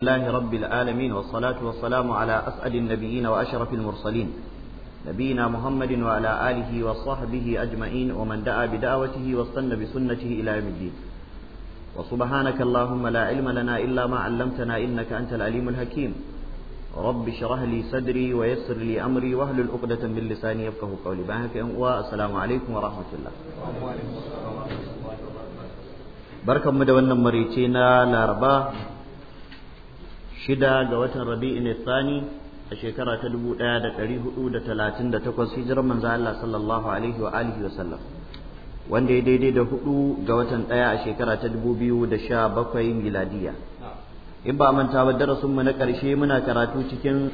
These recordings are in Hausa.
الله رب العالمين والصلاة والسلام على أسعد النبيين وأشرف المرسلين نبينا محمد وعلى آله وصحبه أجمعين ومن دعا بدعوته واستنى بسنته إلى يوم الدين وسبحانك اللهم لا علم لنا إلا ما علمتنا إنك أنت العليم الحكيم رب اشرح لي صدري ويسر لي أمري واهلل عقدة من لساني يفقه قولي بارك والسلام عليكم ورحمة الله بركة مدونا مريتنا لاربا shida ga watan rabi'in tsani a shekara ta dubu ɗaya da ɗari hudu da talatin da takwas hijirar manzo Allah sallallahu alaihi wa alihi wa sallam wanda ya daidai da hudu ga watan ɗaya a shekara ta dubu biyu da sha bakwai miladiya in ba manta ba darasin mu na ƙarshe muna karatu cikin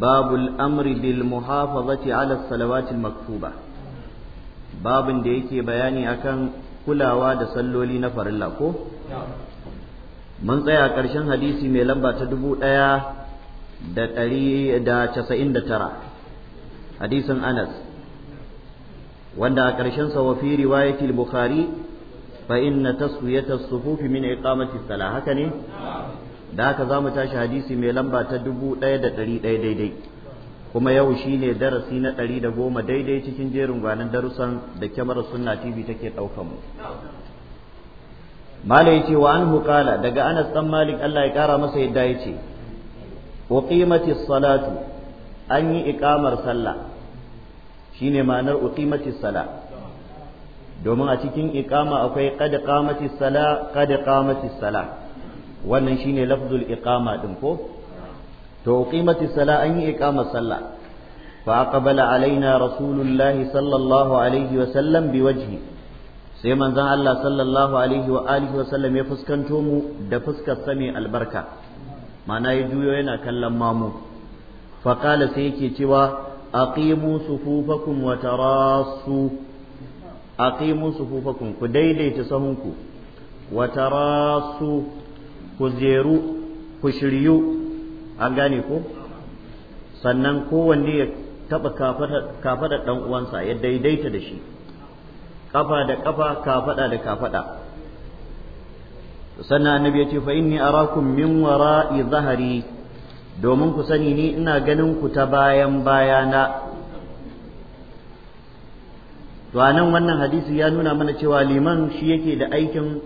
babul amri bil muhafazati ala salawatil maktuba babin da yake bayani akan kulawa da salloli na farilla ko mun tsaya ƙarshen hadisi mai lamba ta dubu ɗaya da ɗari da casa'in da tara hadisin anas wanda a ƙarshen sa wa fi riwayatil bukhari fa inna taswiyata sufufi min iqamati salah haka ne da haka zamu tashi hadisi mai lamba ta dubu ɗaya da ɗari ɗaya daidai kuma yau shine darasi na ɗari da goma daidai cikin jerin gwanin darussan da kyamarar sunna tv take ɗaukan mu malai ce wa anhu qala daga Anas dan Malik Allah ya kara masa yadda yace uqimatis salatu an yi iqamar sallah shine ma'anar uqimatis sala domin a cikin iqama akwai qad qamati sala qad qamati sala wannan shine lafzul iqama din ko to uqimatis sala an yi iqamar sallah fa فأقبل alaina رسول sallallahu alaihi wa sallam bi بوجهه sai manzan Allah sallallahu alaihi wa alihi wa sallam ya fuskanto mu da fuskar sami albarka ma'ana ya juyo yana kallon mamu fa sai yake cewa aqimu sufufakum wa tarasu aqimu sufufakum ku daidaita sahunku wa tarasu ku zeru ku shiryu an gane ko sannan kowanne ya taɓa kafaɗa ɗan uwansa ya daidaita da shi kafa da kafa kafada da kafada sannan annabi ya ce fa inni arakum min wara'i zahari domin ku sani ni ina ganin ku ta bayan bayana to anan wannan hadisi ya nuna mana cewa liman shi yake da aikin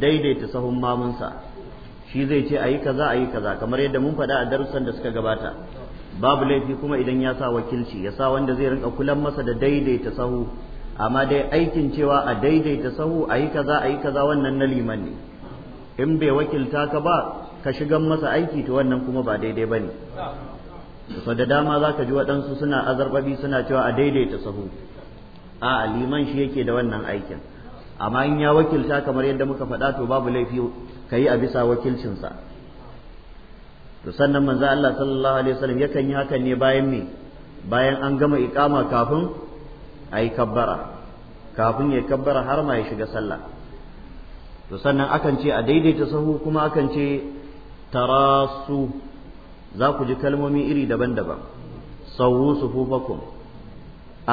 daidaita sahun mamunsa shi zai ce ayi kaza ayi kaza kamar yadda mun faɗa a darussan da suka gabata babu laifi kuma idan ya sa wakilci ya sa wanda zai rinka kulan masa da daidaita sahu amma dai aikin cewa a daidaita sahu a yi kaza a yi kaza wannan na liman ne in bai wakilta ka ba ka shigan masa aiki to wannan kuma ba daidai ba ne so da dama za ka ji waɗansu suna azarbabi suna cewa a daidaita sahu a liman shi yake da wannan aikin amma in ya wakilta kamar yadda muka faɗa to babu laifi ka yi a bisa wakilcinsa to sannan manzo Allah sallallahu alaihi wasallam yakan yi hakan ne bayan me bayan an gama iqama kafin ai kabbara kafin ya kabbara har ma ya shiga sallah to sannan akan ce a daidaita sahu kuma akan ce tarasu za ku ji kalmomi iri daban-daban sawu sufufakum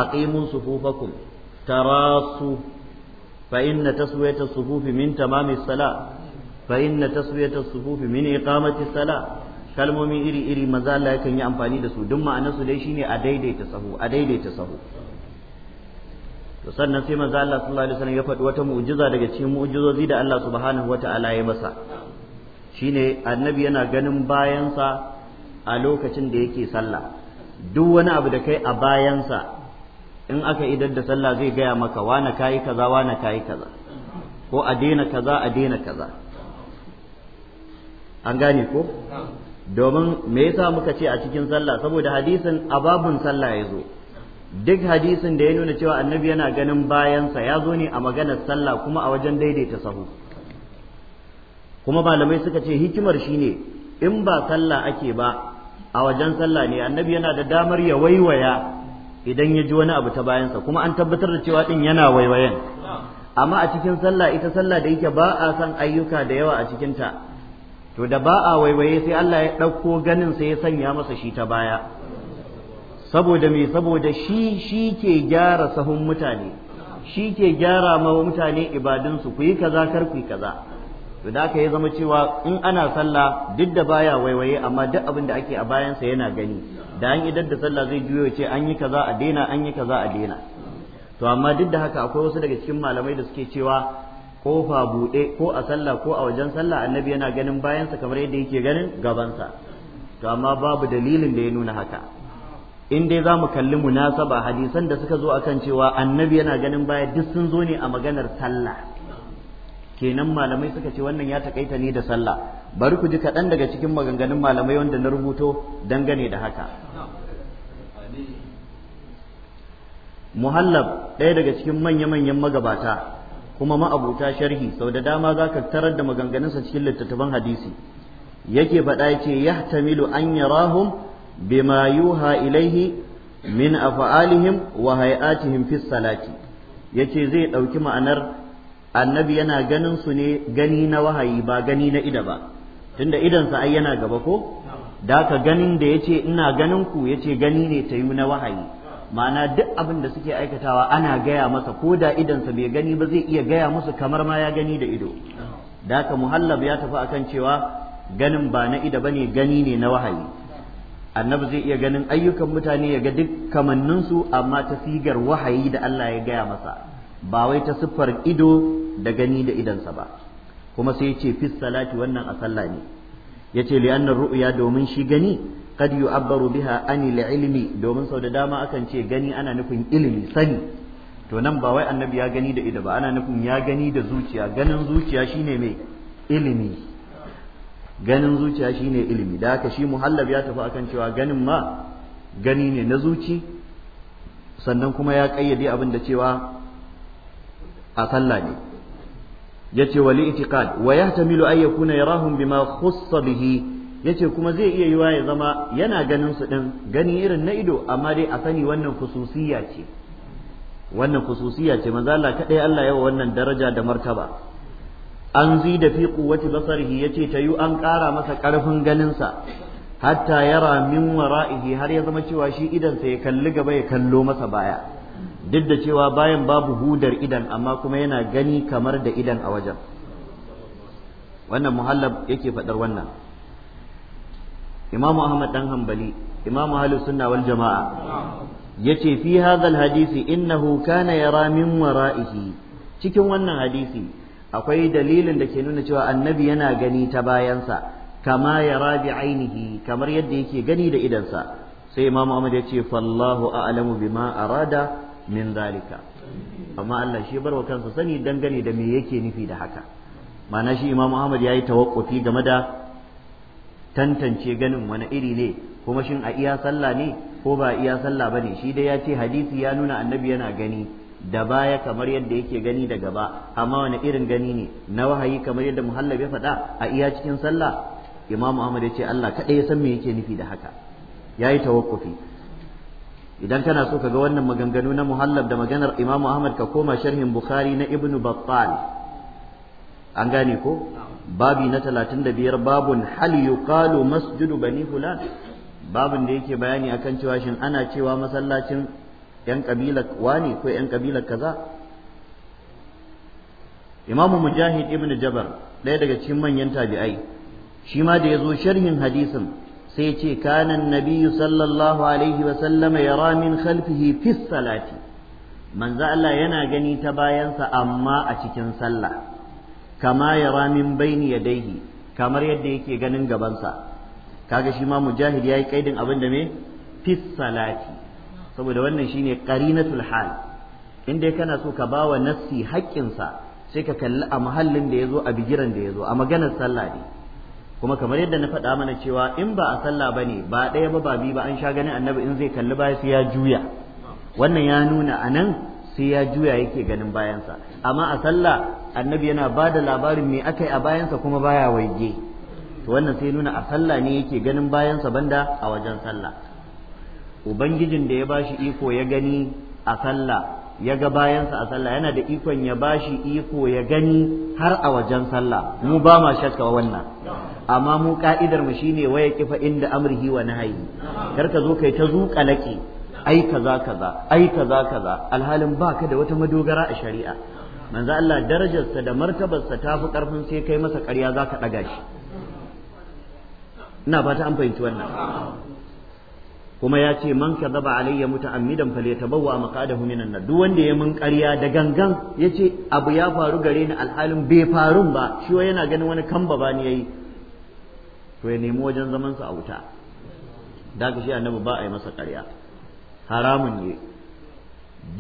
aqimu sufufakum tarasu fa inna taswiyata sufufi min tamami salah fa inna taswiyata sufufi min iqamati sala, kalmomi iri-iri maza Allah yakan yi amfani da su duk ma'anarsu dai shine a daidaita sahu a daidaita sahu to sannan sai manzo Allah sallallahu alaihi wasallam ya faɗi wata mu'jiza daga cikin mu'jizozi da Allah subhanahu wata'ala ya masa shine annabi yana ganin bayansa a lokacin da yake sallah duk wani abu da kai a bayansa in aka idar da sallah zai gaya maka wane kayi kaza wane kayi kaza ko a daina kaza a daina kaza an gane ko domin me yasa muka ce a cikin sallah saboda hadisin ababun sallah ya zo duk hadisin da ya nuna cewa annabi yana ganin bayansa ya zo ne a maganar sallah kuma a wajen daidaita sahu kuma malamai suka ce hikimar shi ne in ba sallah ake ba a wajen sallah ne annabi yana da damar ya waiwaya idan ya ji wani abu ta bayansa kuma an tabbatar da cewa din yana waiwayen amma a cikin sallah ita sallah da yake ba a san ayyuka da yawa a cikinta to da ba a waiwaye sai Allah ya ɗauko ganin sai ya sanya masa shi ta baya saboda me saboda shi shi ke gyara sahun mutane shi ke gyara ma mutane ibadunsu ku yi kaza kar ku yi kaza to da aka yi zama cewa in ana sallah duk da baya waiwaye amma duk abin da ake a bayansa yana gani da an idar da sallah zai juyo ce an yi kaza a daina an yi kaza a daina to amma duk da haka akwai wasu daga cikin malamai da suke cewa kofa buɗe ko a sallah ko a wajen sallah annabi yana ganin bayansa kamar yadda yake ganin gabansa to amma babu dalilin da ya nuna haka in dai za mu kalli munasaba hadisan da suka zo akan cewa annabi yana ganin baya duk sun zo ne a maganar sallah kenan malamai suka ce wannan ya takaita ne da sallah bari ku ji kaɗan daga cikin maganganun malamai wanda na rubuto dangane da haka muhallab ɗaya daga cikin manya-manyan magabata kuma ma'abuta sharhi sau da dama za ka tarar da maganganunsa cikin littattafan hadisi yake faɗa ya ce tamilu an yarahum bima yuha ilaihi min af'alihim wa hay'atihim fi salati yace zai ɗauki ma'anar annabi yana ganin su ne gani na wahayi ba gani na Ido ba tunda idansa ai yana gaba ko da haka ganin da yace ina ganin ku yace gani ne ta yi na wahayi ma'ana duk abin da suke aikatawa ana gaya masa ko da idansa bai gani ba zai iya gaya musu kamar ma ya gani da ido da haka muhallab ya tafi akan cewa ganin ba na ida bane gani ne na wahayi annabi zai iya ganin ayyukan mutane ya ga duk kamanninsu amma ta sigar wahayi da Allah ya gaya masa ba wai ta siffar ido da gani da idansa ba kuma sai ya ce fi salati wannan a sallah ne ya ce li'annar ru'ya domin shi gani kad yu'abbaru biha ani li'ilmi domin sau da dama akan ce gani ana nufin ilimi sani to nan ba wai annabi ya gani da ido ba ana nufin ya gani da zuciya ganin zuciya shine mai ilimi ganin zuciya shine ilimi da haka shi muhallab ya tafi akan cewa ganin ma gani ne na zuci sannan kuma ya kayyade abin da cewa a sallah ne yace wali itiqad wa yahtamilu ya yakuna yarahum bima khussa bihi yace kuma zai iya yiwa ya zama yana ganin su din gani irin na ido amma dai a sani wannan kususiyya ce wannan kususiyya ce manzo Allah kadai Allah yawa wannan daraja da martaba an zi da fi quwwati basarihi yace tayu an ƙara masa ƙarfin ganinsa hatta yara min wara'ihi har ya zama cewa shi idansa ya kalli gaba ya kallo masa baya duk da cewa bayan babu hudar idan amma kuma yana gani kamar da idan a wajen wannan muhallab yake faɗar wannan imamu ahmad dan hanbali imamu ahlus sunna wal jama'a yace fi hadha al hadisi innahu kana yara min wara'ihi cikin wannan hadisi akwai dalilin da ke nuna cewa annabi yana gani ta bayansa kama ya rabi ainihi kamar yadda yake gani da idansa sai imam Ahmad ya ce fallahu a'lamu bima arada min zalika amma Allah shi barwa kansa sani dangane da me yake nufi da haka ma'ana shi imam Ahmad ya yi tawakkufi game da tantance ganin wani iri ne kuma shin a iya sallah ne ko ba iya sallah bane shi dai ya ce hadisi ya nuna annabi yana gani da baya kamar yadda yake gani da gaba amma wani irin gani ne na wahayi kamar yadda muhallab ya faɗa a iya cikin sallah imam Ahmad ya ce Allah kaɗai ya san me yake nufi da haka ya yi tawakkufi idan kana so ka ga wannan maganganu na muhallab da maganar imam Ahmad ka koma sharhin Bukhari na ibnu Battal an gane ko babi na talatin da biyar babun hal yuqalu masjidu bani fulan babin da yake bayani akan cewa shin ana cewa masallacin yan kabilar wani ko yan kabilar kaza imamu mujahid ibn jabar ɗaya daga cikin manyan tabi'ai shi ma da ya zo sharhin hadisin sai ce kanan nabiyyu sallallahu alaihi wa sallama ya ramin, khalfihi salati manzo Allah yana gani ta bayansa amma a cikin sallah kama ya ramin baini yadaihi kamar yadda yake ganin gabansa kaga shi ma mujahid yayi kaidin abin da me fissalati. salati saboda wannan shine qarinatul hal inda dai kana so ka bawa haƙƙin haƙƙinsa sai ka kalli a muhallin da yazo a bigiran da yazo a maganar sallah ne kuma kamar yadda na faɗa mana cewa in ba a sallah bane ba ɗaya ba ba biyu ba an sha ganin annabi in zai kalli baya sai ya juya wannan ya nuna anan sai ya juya yake ganin bayansa amma a sallah annabi yana ba da labarin me aka yi a bayansa kuma baya waige to wannan sai nuna a sallah ne yake ganin bayansa banda a wajen sallah ubangijin da ya bashi iko ya gani a sallah ya ga bayansa a sallah yana da ikon ya ba shi iko ya gani har a wajen sallah mu ba ma shakka wannan amma mu ka'idar mu shine waya kifa inda amrihi wa nahyi kar ka zo kai ta zuƙa laki ai kaza kaza ai kaza kaza alhalin baka da wata madogara a shari'a manzo Allah darajarsa da martabarsa ta fi karfin sai kai masa ƙarya zaka ɗaga shi ina fata an fahimci wannan kuma ya ce man zaba alayya muta'ammidan tabawwa maqadahu minan nar duk wanda ya mun ƙarya da gangan yace abu ya faru gare ni alhalin bai farun ba shi yana ganin wani kamba ba ni yayi to ya nemi wajen zaman sa a wuta da ka shi annabi ba a yi masa ƙarya haramun ne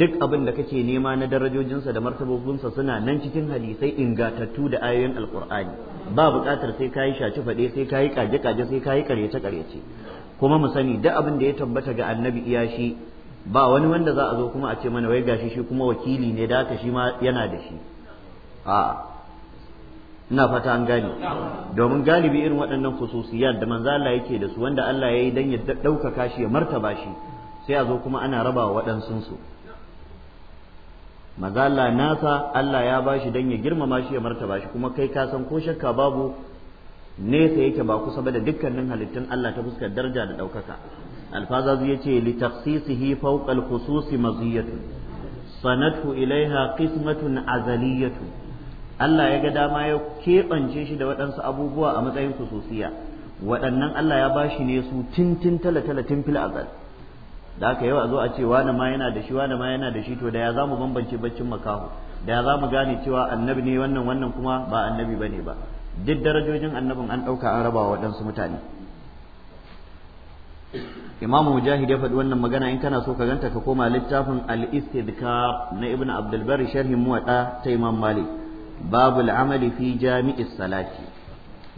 duk abin da kake nema na darajojinsa da martabobinsa suna nan cikin hadisai ingantattu, da ayoyin alqur'ani ba buƙatar sai kayi shaci faɗe sai kayi kaje kaje sai kayi ƙaryace ƙaryace kuma mu sani duk abin da ya tabbata ga annabi iya shi ba wani wanda za a zo kuma a ce mana wai gashi shi kuma wakili ne da haka shi ma yana da shi a ina fata an gane domin galibi irin waɗannan khususiyar da manzo Allah yake da su wanda Allah yayi dan ya ɗaukaka shi ya martaba shi sai a zo kuma ana raba wa waɗansun su Mazala nasa Allah ya bashi dan ya girmama shi ya martaba shi kuma kai ka san ko shakka babu nesa yake ba kusa ba da dukkanin halittun Allah ta fuskar daraja da ɗaukaka alfazazu ya ce li taqsisihi fawqa al-khususi maziyatu sanatu ilaiha qismatun azaliyatu Allah ya ga dama ya kebance shi da waɗansu abubuwa a matsayin khususiya waɗannan Allah ya bashi ne su tintin talatala tun fil azal da aka yau a zo a ce wani ma yana da shi wani ma yana da shi to da ya za mu bambance baccin makaho da ya za gane cewa annabi ne wannan wannan kuma ba annabi ba ba duk darajojin annabin an ɗauka an raba waɗansu mutane imam mujahid ya faɗi wannan magana in kana so ka ganta ka koma littafin al-istidkar na ibn abdul bari sharhin muwaɗa ta imam malik babul amali fi jami'is salati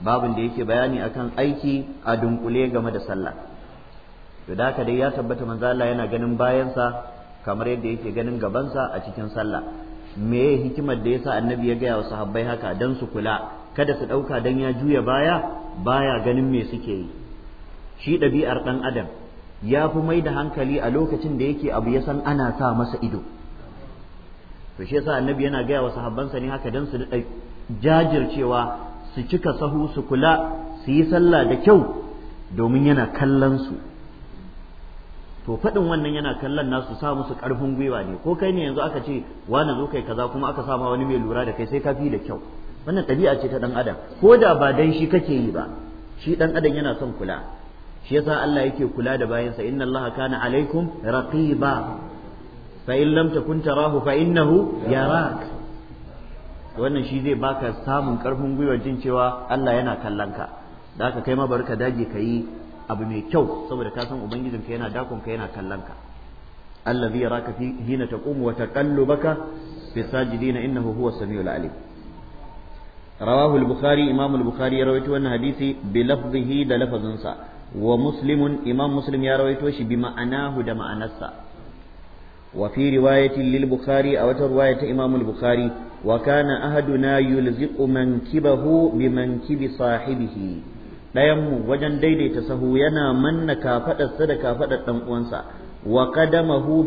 babun da yake bayani akan aiki a dunkule game da sallah to da dai ya tabbata manzo Allah yana ganin bayansa kamar yadda yake ganin gabansa a cikin sallah me hikimar da yasa annabi ya gaya wa sahabbai haka dan su kula kada su ɗauka dan ya juya baya baya ganin me suke yi shi ɗabi'ar ɗan adam ya fi mai da hankali a lokacin da yake abu ya san ana sa masa ido to shi yasa annabi yana gaya wa sahabbansa ne haka dan su jajircewa su cika sahu su kula su yi sallah da kyau domin yana kallon su to faɗin wannan yana kallon nasu sa musu karfin gwiwa ne ko kai ne yanzu aka ce wani zo kai kaza kuma aka sama wani mai lura da kai sai ka fi da kyau wannan ɗabi'a ce ta ɗan adam ko da ba dan shi kake yi ba shi ɗan adam yana son kula shi yasa Allah yake kula da bayansa inna Allah kana alaikum raqiba fa in lam takun tarahu fa innahu yarak wannan shi zai baka samun karfin gwiwa jin cewa Allah yana kallon ka da haka kai ma bari ka dage ka abu mai kyau saboda ka san ka yana dakon ka yana kallon ka allazi yaraka fi hina taqumu wa taqallubaka fi sajidina innahu huwa samiul alim Rawahul al-bukhari imam al-bukhari ya rawaito wannan hadisi bi lafzihi da lafazinsa wa muslimun imam muslim ya rawaito shi bi ma'anahu da ma'anarsa Wafi fi bukhari a wata riwaya ta imam al-bukhari wa sahibihi dayan wajen daidaita sahu yana manna kafadarsa da kafadar dan uwansa wa qadamahu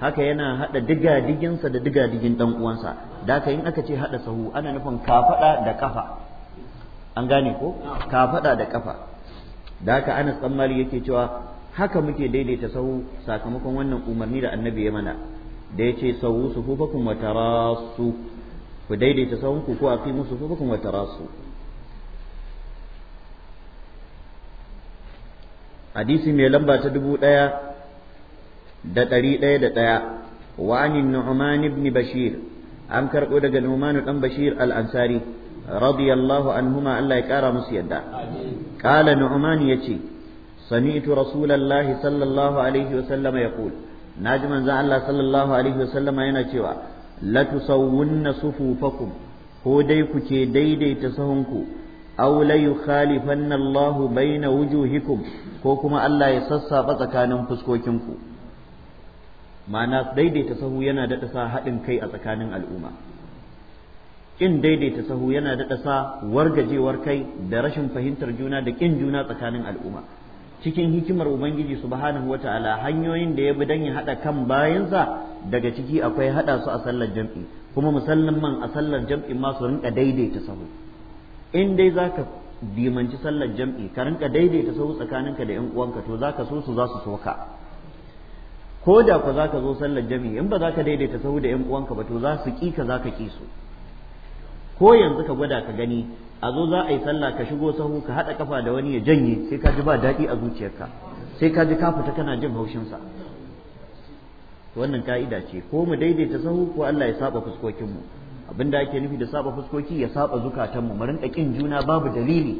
haka yana hada digadiginsa da digadigin dan uwansa da ka in aka ce haɗa sahu ana nufin kafaɗa da kafa an gane ko kafaɗa da kafa da haka ana tsammali yake cewa haka muke daidaita sahu sakamakon wannan umarni da annabi ya mana da ya ce sahu sufufakum wa tarasu ku daidaita sahunku ko musu sufufakum wa tarasu hadisi mai lamba ta dubu ɗaya da ɗari ɗaya da ɗaya wa anin nu'man ibn bashir an karɓo daga numanu ɗan bashir al-ansari radiyallahu anhuma Allah ya ƙara musu yadda qala nu'man yace sami'tu rasulallahi sallallahu alaihi wa sallam Na ji manzon Allah sallallahu alaihi wa sallama yana cewa la tusawwunna sufufakum ko dai ku ke daidaita sahunku aw la yukhalifanna Allah baina wujuhikum ko kuma Allah ya sassaba tsakanin fuskokinku ma'ana daidaita sahu yana daɗa sa haɗin kai a tsakanin al'umma ƙin daidaita sahu yana daɗa sa wargajewar kai da rashin fahimtar juna da ƙin juna tsakanin al'umma cikin hikimar ubangiji subhanahu wata'ala hanyoyin da ya bi dan ya haɗa kan bayansa daga ciki akwai haɗa su a sallar jam'i kuma man a sallar jam'i ma su rinka daidaita sahu in dai zaka dimanci sallar jam'i ka rinka daidaita sahu tsakaninka da 'yan uwanka to zaka so su za su soka. ko da ku za ka zo sallar jami'i in ba za ka daidaita sahu da yan uwanka ba to za su ƙi ka za ka ƙi su ko yanzu ka gwada ka gani a zo za a yi sallah ka shigo sahu ka haɗa kafa da wani ya janye sai ka ji ba daɗi a zuciyarka sai ka ji ka fita kana jin haushinsa wannan ka'ida ce ko mu daidaita sahu ko Allah ya saba fuskokinmu abinda ake nufi da saba fuskoki ya saba zukatanmu mu rinka juna babu dalili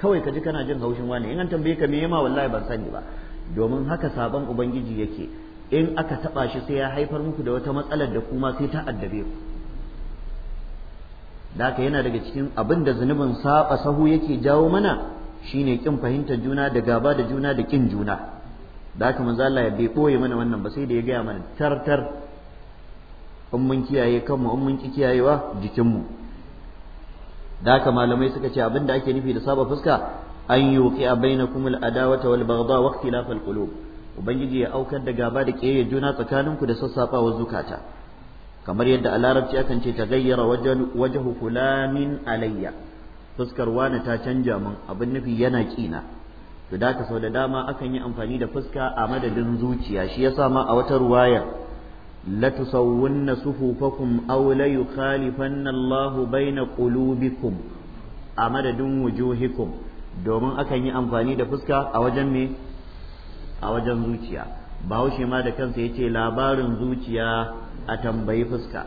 kawai ka ji kana jin haushin wani in an tambaye ka me yema wallahi ban sani ba domin haka saban ubangiji yake in aka taɓa shi sai ya haifar muku da wata matsalar da kuma sai ta addabe ku da haka yana daga cikin abin da zunubin saba sahu yake jawo mana shine ƙin fahimtar juna da gaba da juna da kin juna da haka manzo Allah ya bai koye mana wannan ba sai da ya gaya mana tartar in mun kiyaye kanmu in mun ki kiyayewa jikinmu da haka malamai suka ce abin da ake nufi da saba fuska an yuqi bainakumul adawata wal baghdha wa ikhtilafal qulub ubangiji ya aukar da gaba da ƙiyayya juna tsakaninku da sassafawa zukata kamar yadda a larabci akan ce ta gayyara waje hukulamin alayya fuskar wani ta canja mun abin nufi yana ƙina to da ka sau da dama akan yi amfani da fuska a madadin zuciya shi sa ma a wata ruwaya la tusawwunna suhufakum aw la yukhalifanna bai baina qulubikum a madadin wujuhikum domin akan yi amfani da fuska a wajen me a wajen zuciya bahaushe ma da kansa ya ce labarin zuciya a tambayi fuska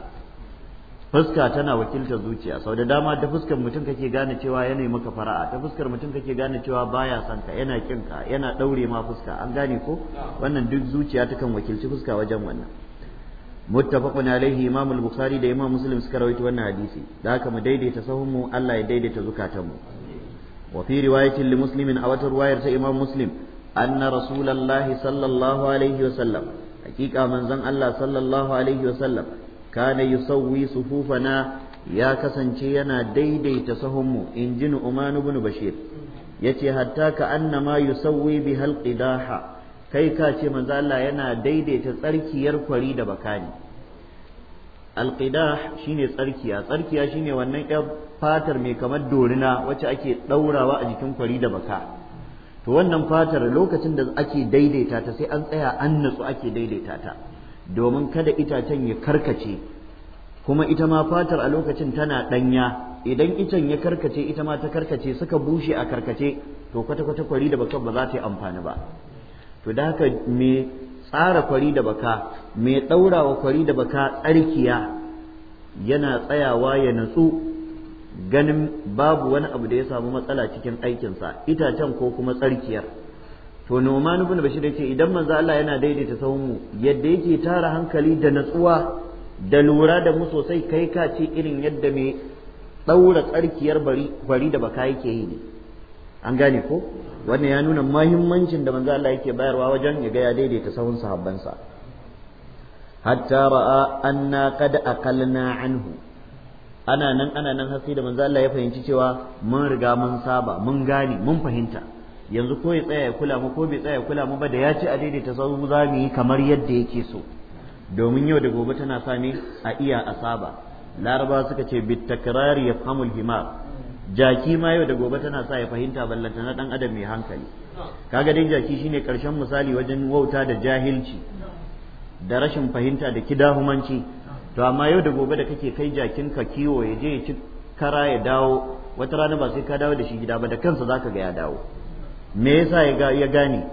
fuska tana wakiltar zuciya sau da dama ta fuskar mutum kake gane cewa ya nemi maka fara'a ta fuskar mutum kake gane cewa baya son ka yana kin ka yana daure ma fuska an gane ko wannan duk zuciya ta kan wakilci fuska wajen wannan muttafaqun alaihi imam al-bukhari da imam muslim suka rawaito wannan hadisi da haka mu daidaita sahun mu Allah ya daidaita zukatanmu wa fi riwayatin li muslimin a wata ruwayar ta imam muslim anna rasulullahi sallallahu alaihi wasallam hakika manzon Allah sallallahu alaihi wasallam kana yusawwi sufufana ya kasance yana daidaita sahunmu in ji Nu'man ibn Bashir yace hatta ka annama yusawwi bi halqidaha kai ka ce manzo yana daidaita tsarkiyar kwari da bakani alqidah shine tsarkiya tsarkiya shine wannan yar fatar mai kamar dorina wacce ake ɗaurawa a jikin kwari da baka to wannan fatar lokacin da ake daidaita ta sai an tsaya an natsu ake daidaita ta domin kada itacen ya karkace kuma ita ma fatar a lokacin tana ɗanya idan icen ya karkace ita ma ta karkace suka bushe a karkace to kwata-kwata kwari da baka ba za ta yi amfani ba to da haka me tsara kwari da baka me ɗaurawa kwari da baka tsarkiya yana tsayawa ya natsu ganin babu wani abu da ya samu matsala cikin aikinsa itacen ko kuma tsarkiyar to Nu'man ibn Bashir yace idan manzo Allah yana daidaita sahun mu yadda yake tara hankali da natsuwa da lura da mu sosai kai ka ce irin yadda mai daura tsarkiyar bari da baka yake yi ne an gane ko wannan ya nuna mahimmancin da manzo Allah yake bayarwa wajen ya ga ya daidaita sahun sahabbansa hatta ra'a anna qad aqalna anhu ana nan ana nan har sai da manzo Allah ya fahimci cewa mun riga mun saba mun gane mun fahimta yanzu ko ya tsaya ya kula mu ko bai tsaya ya kula mu ba da ya ci a daidaita sau za mu yi kamar yadda yake so domin yau da gobe tana sami a iya a saba. laraba suka ce bit takrari yafhamul himar jaki ma yau da gobe tana sa ya fahimta ballanta na dan adam mai hankali kaga dai jaki shine karshen misali wajen wauta da jahilci da rashin fahimta da kidahumanci to amma yau da gobe da kake kai jakin ka kiwo ya je ya ci kara ya dawo wata rana ba sai ka dawo da shi gida ba da kansa zaka ga ya dawo me yasa ya gane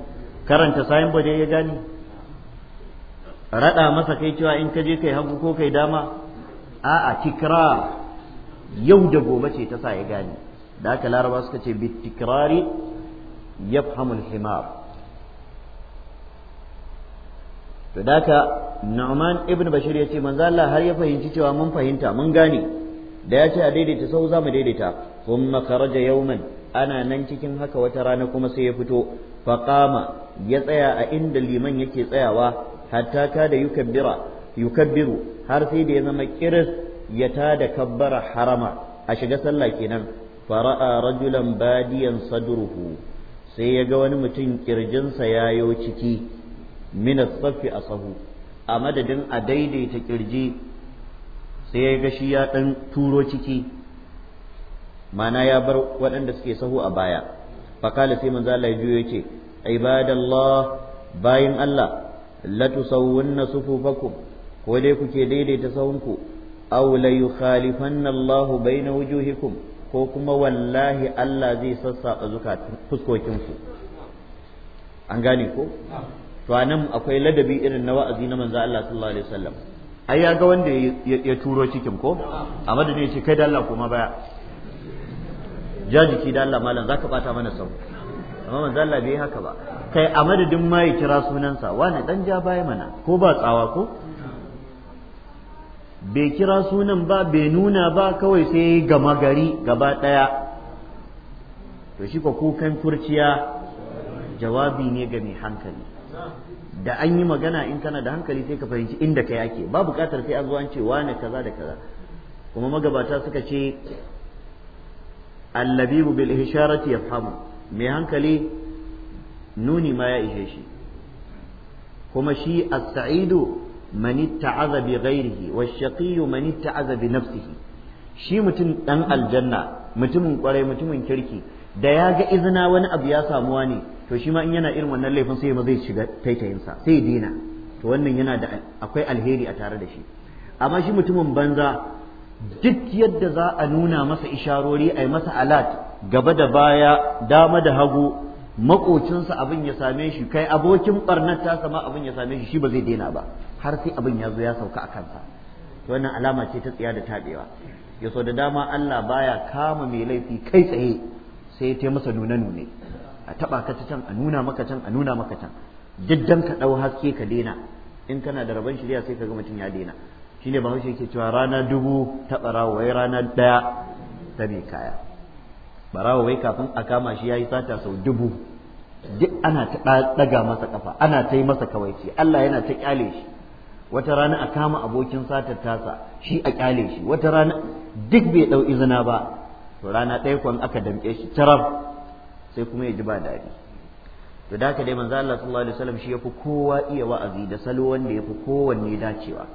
karanta sayan bade ya gane raɗa masa kai cewa in ka je kai hagu ko kai dama a'a tikra yau da gobe ce ta sa ya gane da aka laraba suka ce bitikrari yafhamul himar to daka Nu'man ibn Bashir ya ce manzo Allah har ya fahimci cewa mun fahimta mun gane da ya ce a daidaita sau za mu daidaita kuma kharaja yawman ana nan cikin haka wata rana kuma sai ya fito faqama ya tsaya a inda liman yake tsayawa hatta da yukabbira yukabbiru har sai da ya zama kiris ya da kabbara harama a shiga sallah kenan fara'a rajulan badiyan sadruhu sai ya ga wani mutum kirjinsa yayo ciki min as a sahu, a madadin a daidaita kirji sai ya ga shi ya dan turo ciki mana ya bar waɗanda suke sahu a baya fakala sai manzo Allah ya juyo yace ibadallah bayin Allah la tusawwunna sufufakum ko dai kuke daidaita sahunku aw la yukhalifanna Allah baina wujuhikum ko kuma wallahi Allah zai sassaɓa zukatun fuskokinku an gane ko to anan akwai ladabi irin na wa'azi na manzo Allah sallallahu alaihi wasallam ai ya ga wanda ya turo cikin ko a madadin ya ce kai da Allah kuma baya Jaji ki da Allah malam zaka bata mana sau amma manzo Allah bai haka ba kai a madadin ma ya kira sunansa wani dan ja baya mana ko ba tsawa ko bai kira sunan ba bai nuna ba kawai sai gama gari gaba ɗaya to shi ko kukan kurciya jawabi ne ga mai hankali da an yi magana in kana da hankali sai ka fahimci inda ka yake ba bukatar sai an zo an ce wane kaza da kaza kuma magabata suka ce allabibu bil isharati yafhamu mai hankali nuni ma ya ishe shi kuma shi as-sa'idu man itta'aza bi ghairihi wash-shaqiyyu man itta'aza bi nafsihi shi mutum dan aljanna mutumin kwarai mutumin kirki da ya ga izina wani abu ya samuwa ne to shi ma in yana irin wannan laifin sai ma zai shiga taitayinsa sai dina to wannan yana da akwai alheri a tare da shi amma shi mutumin banza duk yadda za a nuna masa isharori a masa alat gaba da baya dama da hagu makocinsa abin ya same shi kai abokin barnar ta sama abin ya same shi shi ba zai daina ba har sai abin ya zo ya sauka a kansa to wannan alama ce ta tsiya da tabewa ya so da dama Allah baya kama mai laifi kai tsaye sai ya masa nune nune a taba ka can a nuna maka can a nuna maka can diddan ka dau haske ka daina in kana da rabon shirya sai ka ga mutum ya dena shine bahaushe yake cewa rana dubu ta barawo wai rana daya ta mai kaya barawo wai kafin a kama shi yayi sata sau dubu duk ana ta daga masa kafa ana ta yi masa kawaici Allah yana ta kyale shi wata rana a kama abokin satar tasa shi a kyale shi wata rana duk bai dau izina ba to rana ɗaya kuwa aka damƙe shi taraf sai kuma ya ji ba daɗi to da haka dai manzo Allah sallallahu alaihi wasallam shi yafi kowa iya wa'azi da salo wanda yafi kowanne dacewa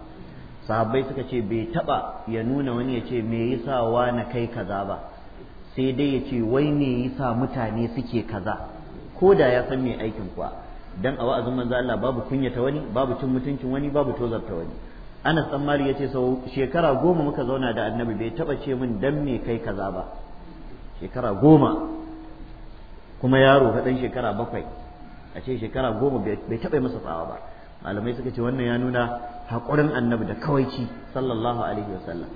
sahabbai suka ce bai taba ya nuna wani ya ce me yasa wa na kai kaza ba sai dai ya ce wai me yasa mutane suke kaza ko da ya san me aikin kuwa dan a wa'azin manzo Allah babu kunyata wani babu cin mutuncin wani babu tozarta wani Anas dan ya ce sau shekara goma muka zauna da Annabi bai taba ce min dan me kai kaza ba shekara goma kuma yaro ka dan shekara bakwai a ce shekara goma bai taba masa tsawa ba malamai suka ce wannan ya nuna haƙurin annabi da kawaici sallallahu alaihi wasallam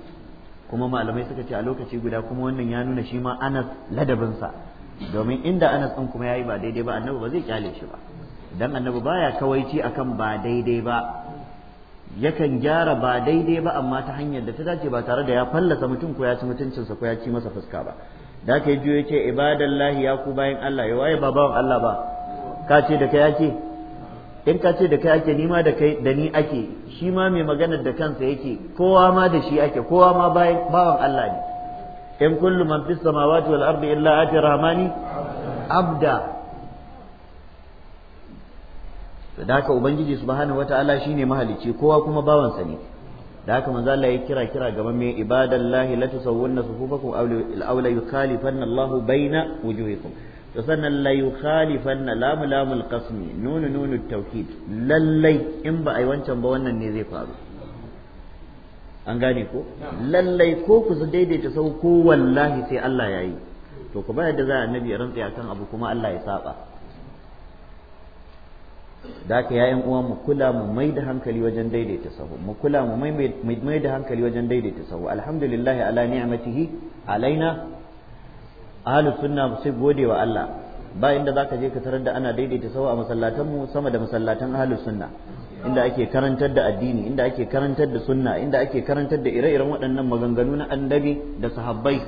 kuma malamai suka ce a lokaci guda kuma wannan ya nuna shi ma anas ladabinsa domin inda anas ɗin kuma yayi ba daidai ba annabi ba zai kyale shi ba dan annabi baya kawaici akan ba daidai ba yakan gyara ba daidai ba amma ta hanyar da ta dace ba tare da ya fallasa mutum ko ya ci mutuncinsa ko ya ci masa fuska ba da ka yi juyo ya ce ibadallahi ya ku bayan Allah ya waye ba bawan Allah ba ka ce da kai ake in ka ce da kai ake ni ma da kai da ni ake shi ma mai maganar da kansa yake kowa ma da shi ake kowa ma bayan bawan Allah ne in kullu man fis samawati wal ardi illa ati rahmani abda da haka ubangiji subhanahu wataala shine mahalicci kowa kuma bawansa ne da haka manzo Allah ya kira kira gaban mai ibadallahi la tusawwunna sufufakum aw la yukhalifanna Allahu baina wujuhikum to sannan la yukhalifanna lam nunu nunu lallai in ba ai wancan ba wannan ne zai faru an gane ko lallai ko ku su daidaita sau ko wallahi sai Allah yayi to ku ba yadda za annabi ya rantsa kan abu kuma Allah ya saba da haka yayan uwa mu kula mu mai da hankali wajen daidaita sahu mu kula mu mai da hankali wajen daidaita sahu alhamdulillah ala ni'matihi alaina ahlus sunna sai gode wa Allah ba inda zaka je ka tarar da ana daidaita sahu a masallatan mu sama da masallatan ahlus sunna inda ake karantar da addini inda ake karantar da sunna inda ake karantar da ire-iren waɗannan maganganu na annabi da sahabbai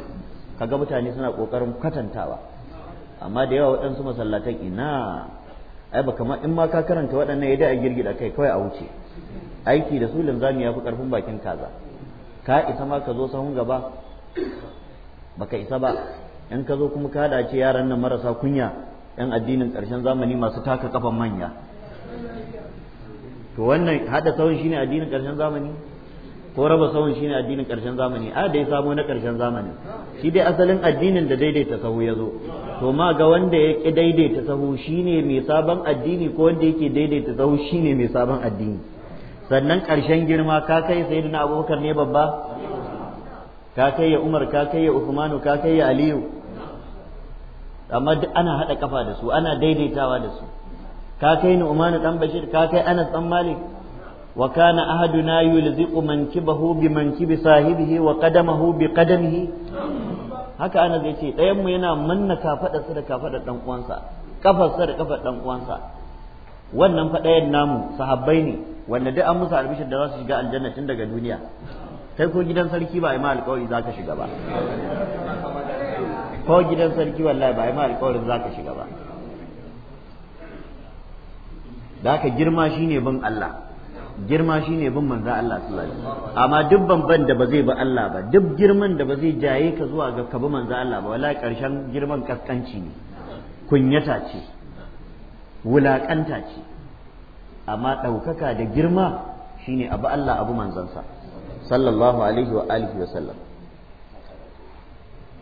kaga mutane suna kokarin kwatantawa amma da yawa waɗansu masallatan ina ai ba kamar in ma ka karanta waɗannan ya da a girgida kai kawai a wuce aiki da su linzami ya fi ƙarfin bakin kaza ka isa ma ka zo sahun gaba baka isa ba in ka zo kuma ka dace yaran nan marasa kunya yan addinin ƙarshen zamani masu taka kafan manya to wannan hada sauyin shine addinin ƙarshen zamani ko raba sahun shine addinin ƙarshen zamani a da ya samo na ƙarshen zamani shi dai asalin addinin da daidaita sahu ya zo to ma ga wanda ya ƙi daidaita sahu shine mai sabon addini ko wanda yake daidaita sahu shine mai sabon addini sannan ƙarshen girma ka kai sayyidina abubakar ne babba ka kai ya umar ka kai ya usmanu ka kai ya aliyu amma duk ana haɗa ƙafa da su ana daidaitawa da su ka kai ni umanu dan bashir ka kai anas dan malik وكان أحدنا يلزق منكبه بمنكب صاحبه وقدمه بقدمه haka ana zai ce ɗayan mu yana manna kafaɗarsa da kafaɗar ɗan uwansa kafarsa da kafar ɗan uwansa wannan faɗayan namu sahabbai ne wanda duk an musu albishir da za su shiga aljanna tun daga duniya kai ko gidan sarki ba a yi ma alƙawari za ka shiga ba ko gidan sarki wallahi ba a yi ma alƙawari za ka shiga ba da haka girma shine bin Allah girma shine bin manzo Allah sallallahu alaihi wasallam amma duk banban da ba zai ba Allah ba duk girman da ba zai jaye ka zuwa ga ka bi manzo Allah ba wallahi karshen girman kaskanci ne kunyata ce wulakanta ce amma ɗaukaka da girma shine abu Allah abu manzansa sallallahu alaihi wa alihi wa sallam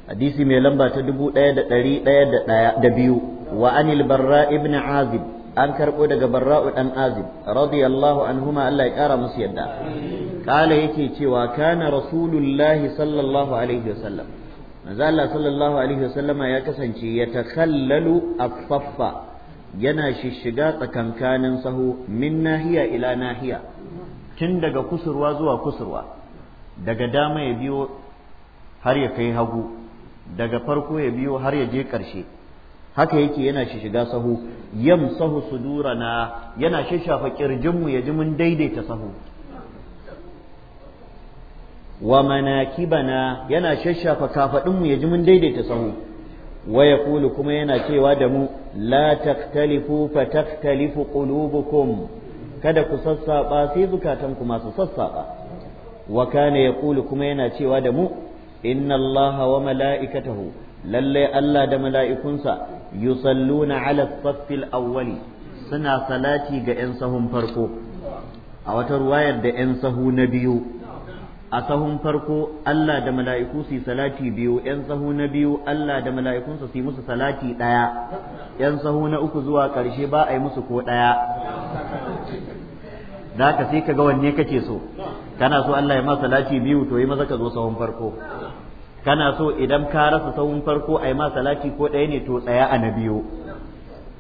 hadisi mai lamba ta dubu ɗaya da ɗari ɗaya da biyu wa anil barra ibn azib an karɓo daga barra'u ɗan azib radiyallahu anhuma Allah ya ƙara musu yadda ƙala yake cewa kana rasulullahi sallallahu alaihi wasallam manzo Allah sallallahu alaihi sallam ya kasance ya takallalu affaffa yana shishiga tsakankanin sahu min nahiya ila nahiya tun daga kusurwa zuwa kusurwa daga dama ya biyo har ya kai hagu daga farko ya biyo har ya je ƙarshe haka yake yana shi shiga sahu yam sahu sudurana yana shashafa kirjinmu ya ji mun daidaita sahu wa manakibana yana shashafa kafadinmu ya ji mun daidaita sahu wa yaqulu kuma yana cewa da mu la taktalifu fa taktalifu qulubukum kada ku sassaba sai ku masu sassaba wa kana yaqulu kuma yana cewa da mu inna allaha wa mala'ikatahu lallai Allah da mala'ikunsa yusalluna ala saffil awwali suna salati ga 'yan sahun farko a wata ruwayar da 'yan sahu na biyu a sahun farko Allah da mala'iku su salati biyu 'yan sahu na biyu Allah da mala'ikunsa su yi musu salati ɗaya 'yan sahu na uku zuwa ƙarshe ba a yi musu ko ɗaya za ka sai ka ga wanne kake so kana so Allah ya ma salati biyu to yi maza ka zo sahun farko kana so idan ka rasa sahun farko yi ma salati ko ɗaya ne to tsaya a na biyu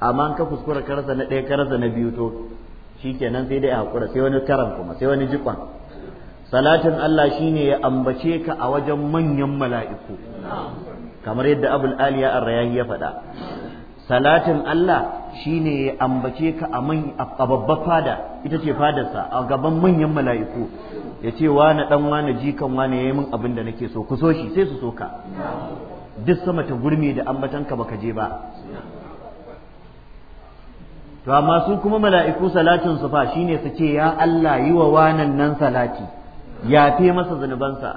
amma ka kuskura ka rasa na ɗaya ka rasa na biyu to nan sai dai a hakura sai wani karan kuma sai wani jikon salatin Allah shi ne ya ambace ka a wajen manyan mala'iku kamar yadda abul ya arrayahi ya faɗa salatin Allah shine ya ambace ka a babbar fada ita ce fadarsa a gaban manyan mala'iku ya ce wani dan wani jikan wani ya yi min abin da nake so ku so shi sai su so ka duk sama ta gurme da ambatan ka baka je ba to amma su kuma mala'iku salatin su fa shine su ce ya Allah yi wa wanan nan salati yafe masa zunubansa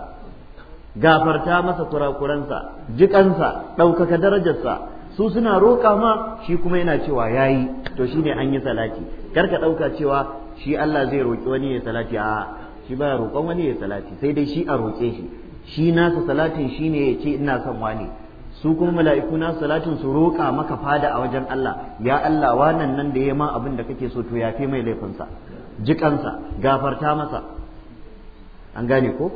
gafarta masa kurakuransa jikansa ɗaukaka darajarsa su suna roƙa ma shi kuma yana cewa yayi to shine an yi salati kar ka ɗauka cewa shi Allah zai roƙi wani ya salati a shi ba roƙon wani ya salati sai dai shi a roƙe shi shi nasa salatin shine ya ce ina son wani su kuma mala'iku nasu salatin su roƙa maka fada a wajen Allah ya Allah wannan nan da ya ma abin da kake so to ya fi mai laifinsa jikansa gafarta masa an gane ko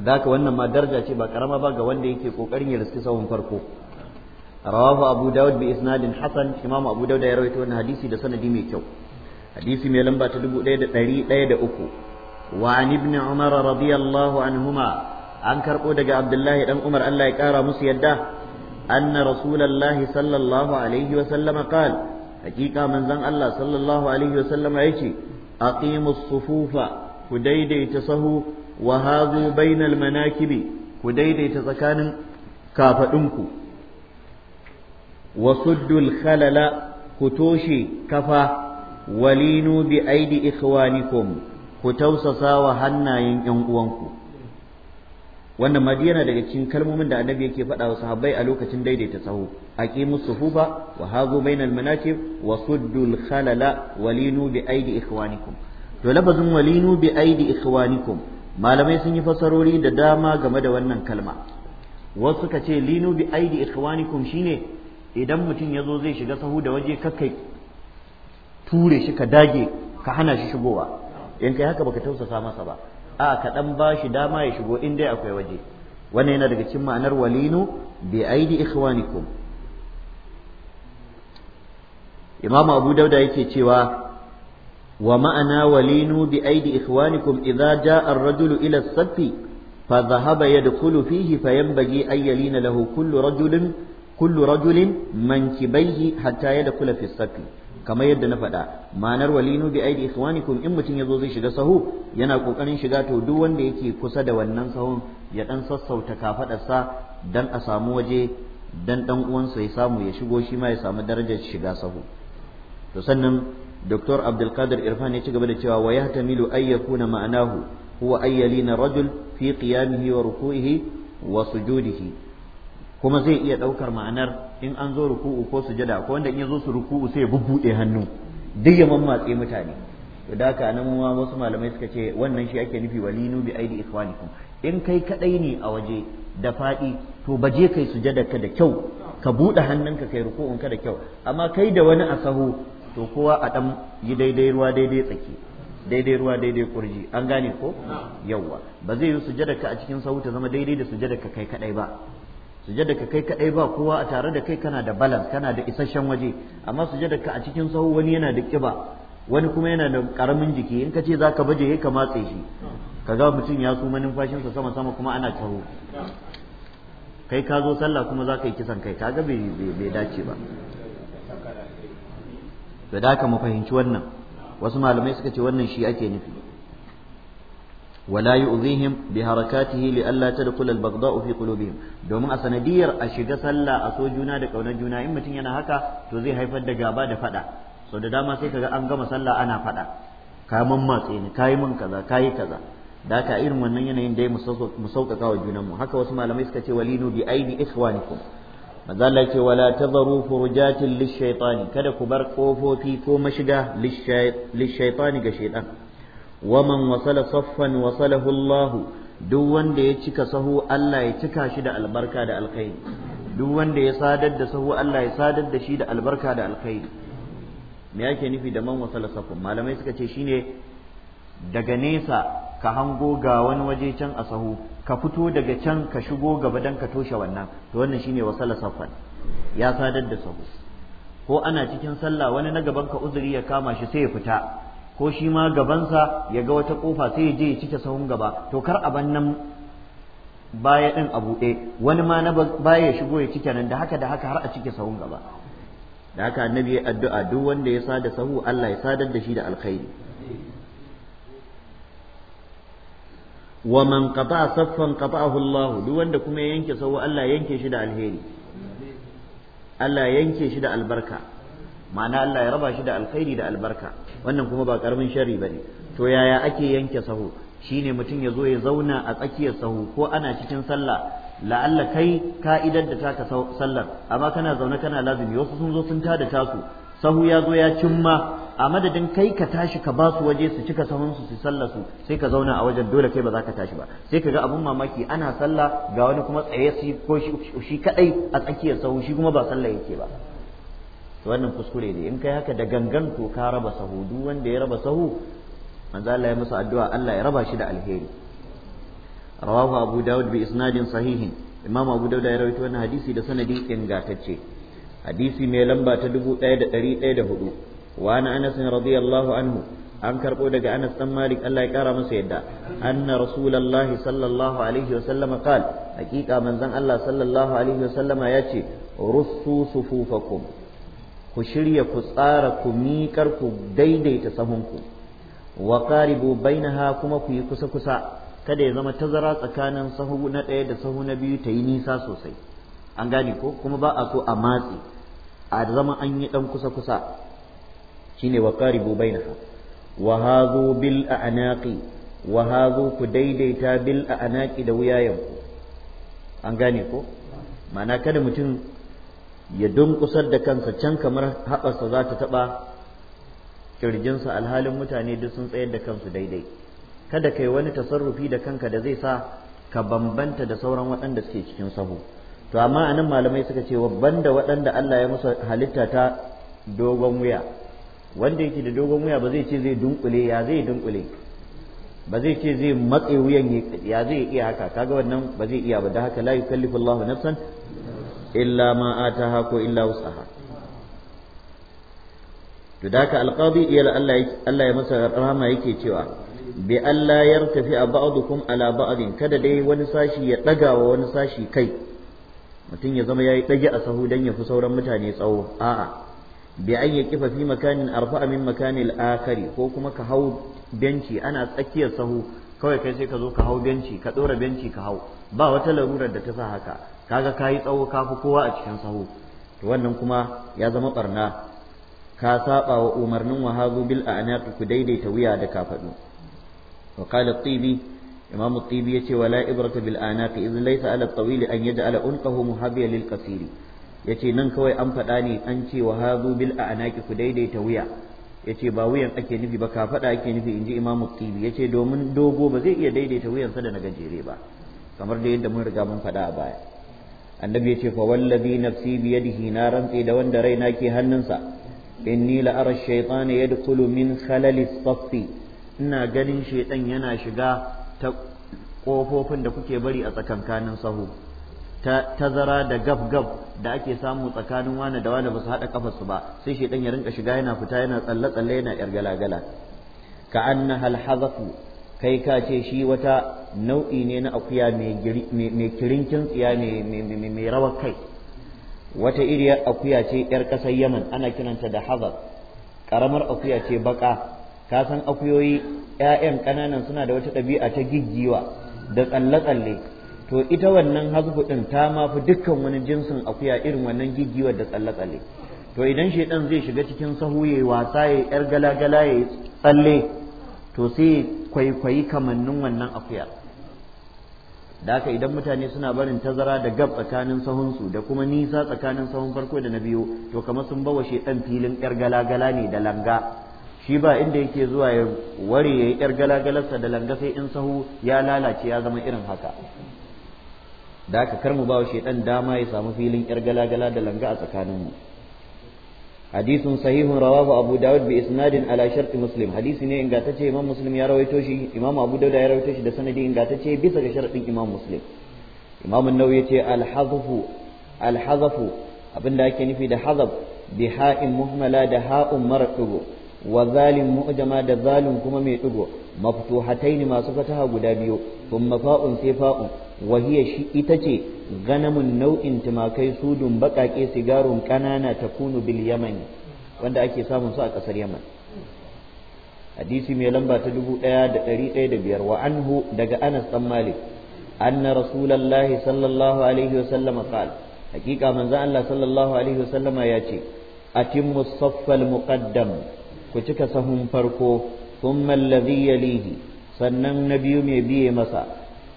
da haka wannan ma daraja ce ba karama ba ga wanda yake kokarin ya riski sahun farko rawahu abu dawud bi isnadin hasan Imam abu dawud ya rawaito wannan hadisi da sanadi mai kyau hadisi mai lamba ta da uku. wa an ibn umar radiyallahu anhuma an karbo daga abdullahi dan umar Allah ya kara musu yadda anna rasulullahi sallallahu alaihi wa sallam qal hakika manzon Allah sallallahu alaihi wa sallam yace aqimus sufufa ku daidaita sahu wa hadhi bainal manakibi ku daidaita tsakanin kafadunku wa suddul khalala ku toshe kafa walinu aidi ikhwanikum ku tausasa wa hannayen yan uwanku wannan yana daga cikin kalmomin da annabi yake faɗa wa sahabbai a lokacin daidaita tsaho. aqimus sufufa wa hazu bainal manakib wa suddul khalala walinu aidi ikhwanikum to lafazin walinu bi aidi ikhwanikum malamai sun yi fasarori da dama game da wannan kalma wasu suka ce linu bi aidi ikhwanikum shine idan mutum ya zo zai shiga sahu da waje kakkai ture shi ka dage ka hana shi shigowa in kai haka baka tausasa masa ba a ka dan ba shi dama ya shigo in dai akwai waje wannan yana daga cikin ma'anar walinu bi aidi ikhwanikum imam abu dauda yake cewa ومعنا ولينوا بأيد إخوانكم إذا جاء الرجل إلى الصف فذهب يدخل فيه فينبغي أن يلين له كل رجل كل رجل منكبيه حتى يدخل في الصف kamar yadda na faɗa ma'anar walinu bi aidi ikhwanikum in mutum yazo zai shiga sahu yana kokarin shiga to duk wanda yake kusa da wannan sahun ya dan sassauta kafadarsa dan a samu waje dan dan uwansa ya samu ya shigo shi ma ya samu darajar shiga sahu to sannan Dr. Abdulkadir Irfan ya ci gaba da cewa wa yahtamilu ay yakuna ma'anahu huwa ayyalina rajul fi qiyamihi wa ruku'ihi wa sujudihi kuma zai iya daukar ma'anar in an zo ruku'u ko sujada ko wanda in ya zo su ruku'u sai ya bubbude hannu duk ya mammatse mutane to da haka nan ma wasu malamai suka ce wannan shi ake nufi walinu bi aidi ikhwanikum in kai kadai ne a waje da fadi to baje je kai sujada ka da kyau ka buɗe hannunka kai ruku'un ka da kyau amma kai da wani asahu. to kowa a ɗan yi daidai ruwa daidai tsaki daidai ruwa daidai kurji an gane ko yawwa ba zai yi sujada ka a cikin sahu ta zama daidai da sujada ka kai kadai ba sujada ka kai kadai ba kowa a tare da kai kana da balance kana da isasshen waje amma sujada ka a cikin sahu wani yana da kiba wani kuma yana da karamin jiki in ka ce zaka baje ka matse shi ka ga mutum ya suma numfashinsa sama sama kuma ana taho kai ka zo sallah kuma zaka yi kisan kai kaga bai dace ba to da haka mu fahimci wannan wasu malamai suka ce wannan shi ake nufi wala yu'zihim bi harakatihi li alla tadkhul al baghdha'u fi qulubihim domin a sanadiyar a shiga sallah a so juna da kaunar juna in mutum yana haka to zai haifar da gaba da fada so da dama sai kaga an gama sallah ana fada ka mammatse ni kayi min kaza kayi kaza da haka irin wannan yanayin dai mu sauƙaƙa wa junanmu haka wasu malamai suka ce walinu bi aini ikhwanikum manzo Allah ce wala tazaru furujatin lishaytani kada ku bar kofofi ko mashiga lishaytani ga shaytan waman wasala saffan wasalahu Allah duk wanda ya cika sahu Allah ya cika shi da albarka da alkhairi duk wanda ya sadar da sahu Allah ya sadar da shi da albarka da alkhairi me yake nufi da man wasala saffan malamai suka ce shine daga nesa ka hango ga wani waje can a sahu ka fito daga can ka shigo gaba dan ka toshe wannan to wannan shine wasala safan ya sadar da sahu ko ana cikin sallah wani na gaban ka uzuri ya kama shi sai ya fita ko shi ma gabansa ya ga wata kofa sai ya je ya cike sahun gaba to kar a ban nan baya din a buɗe wani ma na baya ya shigo ya cike nan da haka da haka har a cike sahun gaba da haka annabi ya addu'a duk wanda ya sada sahu Allah ya sadar da shi da alkhairi Waman man qata'a saffan qata'ahu Allah duk kuma ya yanke sahu Allah yanke shi da alheri Allah yanke shi da albarka ma'ana Allah ya raba shi da alkhairi da albarka wannan kuma ba karamin sharri bane to yaya ake yanke sahu shine mutum ya zo ya zauna a tsakiyar sahu ko ana cikin sallah la'alla kai ka'idar da taka sallar amma kana zaune kana lazimi wasu sun zo sun tada tasu sahu ya zo ya cimma a madadin kai ka tashi ka ba su waje su cika sahun su su sallah su sai ka zauna a wajen dole kai ba za ka tashi ba sai ka ga abun mamaki ana sallah ga wani kuma tsaye shi ko shi kadai a tsakiyar sahu shi kuma ba sallah yake ba wannan kuskure ne in kai haka da gangan to ka raba sahu duk wanda ya raba sahu manzo Allah ya musu addu'a Allah ya raba shi da alheri rawahu abu daud bi isnadin sahihin imam abu daud ya rawaito wannan hadisi da sanadin ingantacce hadisi mai lamba ta 1104 wa ana anas radiyallahu anhu an karbo daga anas dan malik Allah ya kara masa yadda anna rasulullahi sallallahu alaihi wa sallama hakika manzon Allah sallallahu alaihi wa sallama yace russu sufufakum ku shirya ku tsara ku miƙar ku daidaita sahunku wa qaribu bainaha kuma ku yi kusa kusa kada ya zama tazara tsakanin sahu na ɗaya da sahu na biyu ta yi nisa sosai an gane ko kuma ba a so a matsi a zama an yi dan kusa kusa shine wa qaribu bainaha wa hadhu bil a'naqi wa hadhu ku daidaita bil a'naqi da ku an gane ko ma'ana kada mutum ya dunkusar da kansa can kamar haɓarsa za ta taɓa kirjinsa alhalin mutane duk sun tsayar da kansu daidai kada kai wani tasarrufi da kanka da zai sa ka bambanta da sauran waɗanda suke cikin sahu to amma anan malamai suka ce da waɗanda Allah ya musu halitta ta dogon wuya wanda yake da dogon wuya ba zai ce zai dunkule ya zai dunkule ba zai ce zai matse wuyan ya zai iya haka kaga wannan ba zai iya ba da haka la yukallifu Allahu nafsan illa ma ataha ko illa wusaha to da haka alqadi iyal Allah Allah ya masa rahama yake cewa bi Allah yartafi ba'dukum ala ba'din kada dai wani sashi ya ɗaga wa wani sashi kai mutum ya zama ya yi dage a sahu dan ya fi sauran mutane tsawo a'a bi an ya kifa fi makanin arfa'a min makanin akari ko kuma ka hau benci ana tsakiyar sahu kawai kai sai ka zo ka hau benci ka dora benci ka hau ba wata larurar da ta sa haka kaga kayi tsawo ka fi kowa a cikin sahu to wannan kuma ya zama barna ka saba wa umarnin wahazu bil a'naqi ku daidaita wuya da kafadu wa qala tibi imam at yace wala ibrata bil'anaki anaq idan laysa ala at-tawil an yaj'ala unqahu muhabiya lil yace nan kawai an faɗa ne an ce wa hadhu bil anaq ku daidaita wuya yace ba wuyan ake nufi ba ka ake nufi inji imam at yace domin dogo ba zai iya daidaita wuyansa da na gajere ba kamar da yadda mun riga mun faɗa a baya annabi yace fa wallazi nafsi bi yadihi na rantse da wanda raina ke hannunsa inni la ara ash-shaytana yadkhulu min khalali as ina ganin shaytan yana shiga ta ƙofofin da kuke bari a tsakankanin sahu ta tazara da gab-gab da ake samu tsakanin wani da wani ba su haɗa kafarsu ba sai shi ɗan ya rinka shiga yana fita yana tsalle-tsalle yana ƴar gala-gala ka anna halhazafu kai ka ce shi wata nau'i ne na akuya mai kirinkin tsiya mai rawa kai wata iriyar akuya ce yar ƙasar yaman ana kiranta da hazaf ƙaramar akuya ce baka ka san akuyoyi 'ya'yan ƙananan suna da wata ɗabi'a ta giggiwa da tsalle-tsalle to ita wannan hazfu ɗin ta ma fi dukkan wani jinsin akuya irin wannan giggiwar da tsalle-tsalle to idan shaidan zai shiga cikin sahu ya wasa ya yar gala-gala ya tsalle to sai kwaikwayi kamannin wannan akuya da haka idan mutane suna barin tazara da gab tsakanin sahunsu da kuma nisa tsakanin sahun farko da na biyu to kamar sun bawa shaidan filin yar gala-gala ne da langa shi ba inda yake zuwa ya ware ya yi yar galagalarsa da langa sai in sahu ya lalace ya zama irin haka da aka karmu ba wa shaidan dama ya samu filin yar galagala da langa a tsakaninmu hadisin sahihun rawahu abu dawud bi isnadin ala sharti muslim hadisi ne ingantacce imam muslim ya rawaito shi imam abu dawud ya rawaito shi da sanadi ingantacce bisa ga sharadin imam muslim imam an-nawawi yace al-hazfu al-hazfu abinda ake nufi da hazab bi ha'in muhmala da ha'un marar wa zalim mu'jama da zalim kuma mai Maftuhatai maftuhataini masu fataha guda biyu thumma fa'un sai fa'un wa hiya shi ita ce ganamun nau'in tumakai sudun baƙaƙe sigarun ƙanana takunu bil yaman wanda ake samun su a ƙasar yaman hadisi mai lamba ta dubu ɗaya da ɗari ɗaya da biyar wa anhu daga anas ɗan malik anna rasulallahi sallallahu alaihi wa sallama qala hakika manzo Allah sallallahu alaihi wa sallama ya ce atimmu saffal muqaddam ku cika sahun farko thumma alladhi yalihi sannan na biyu mai biye masa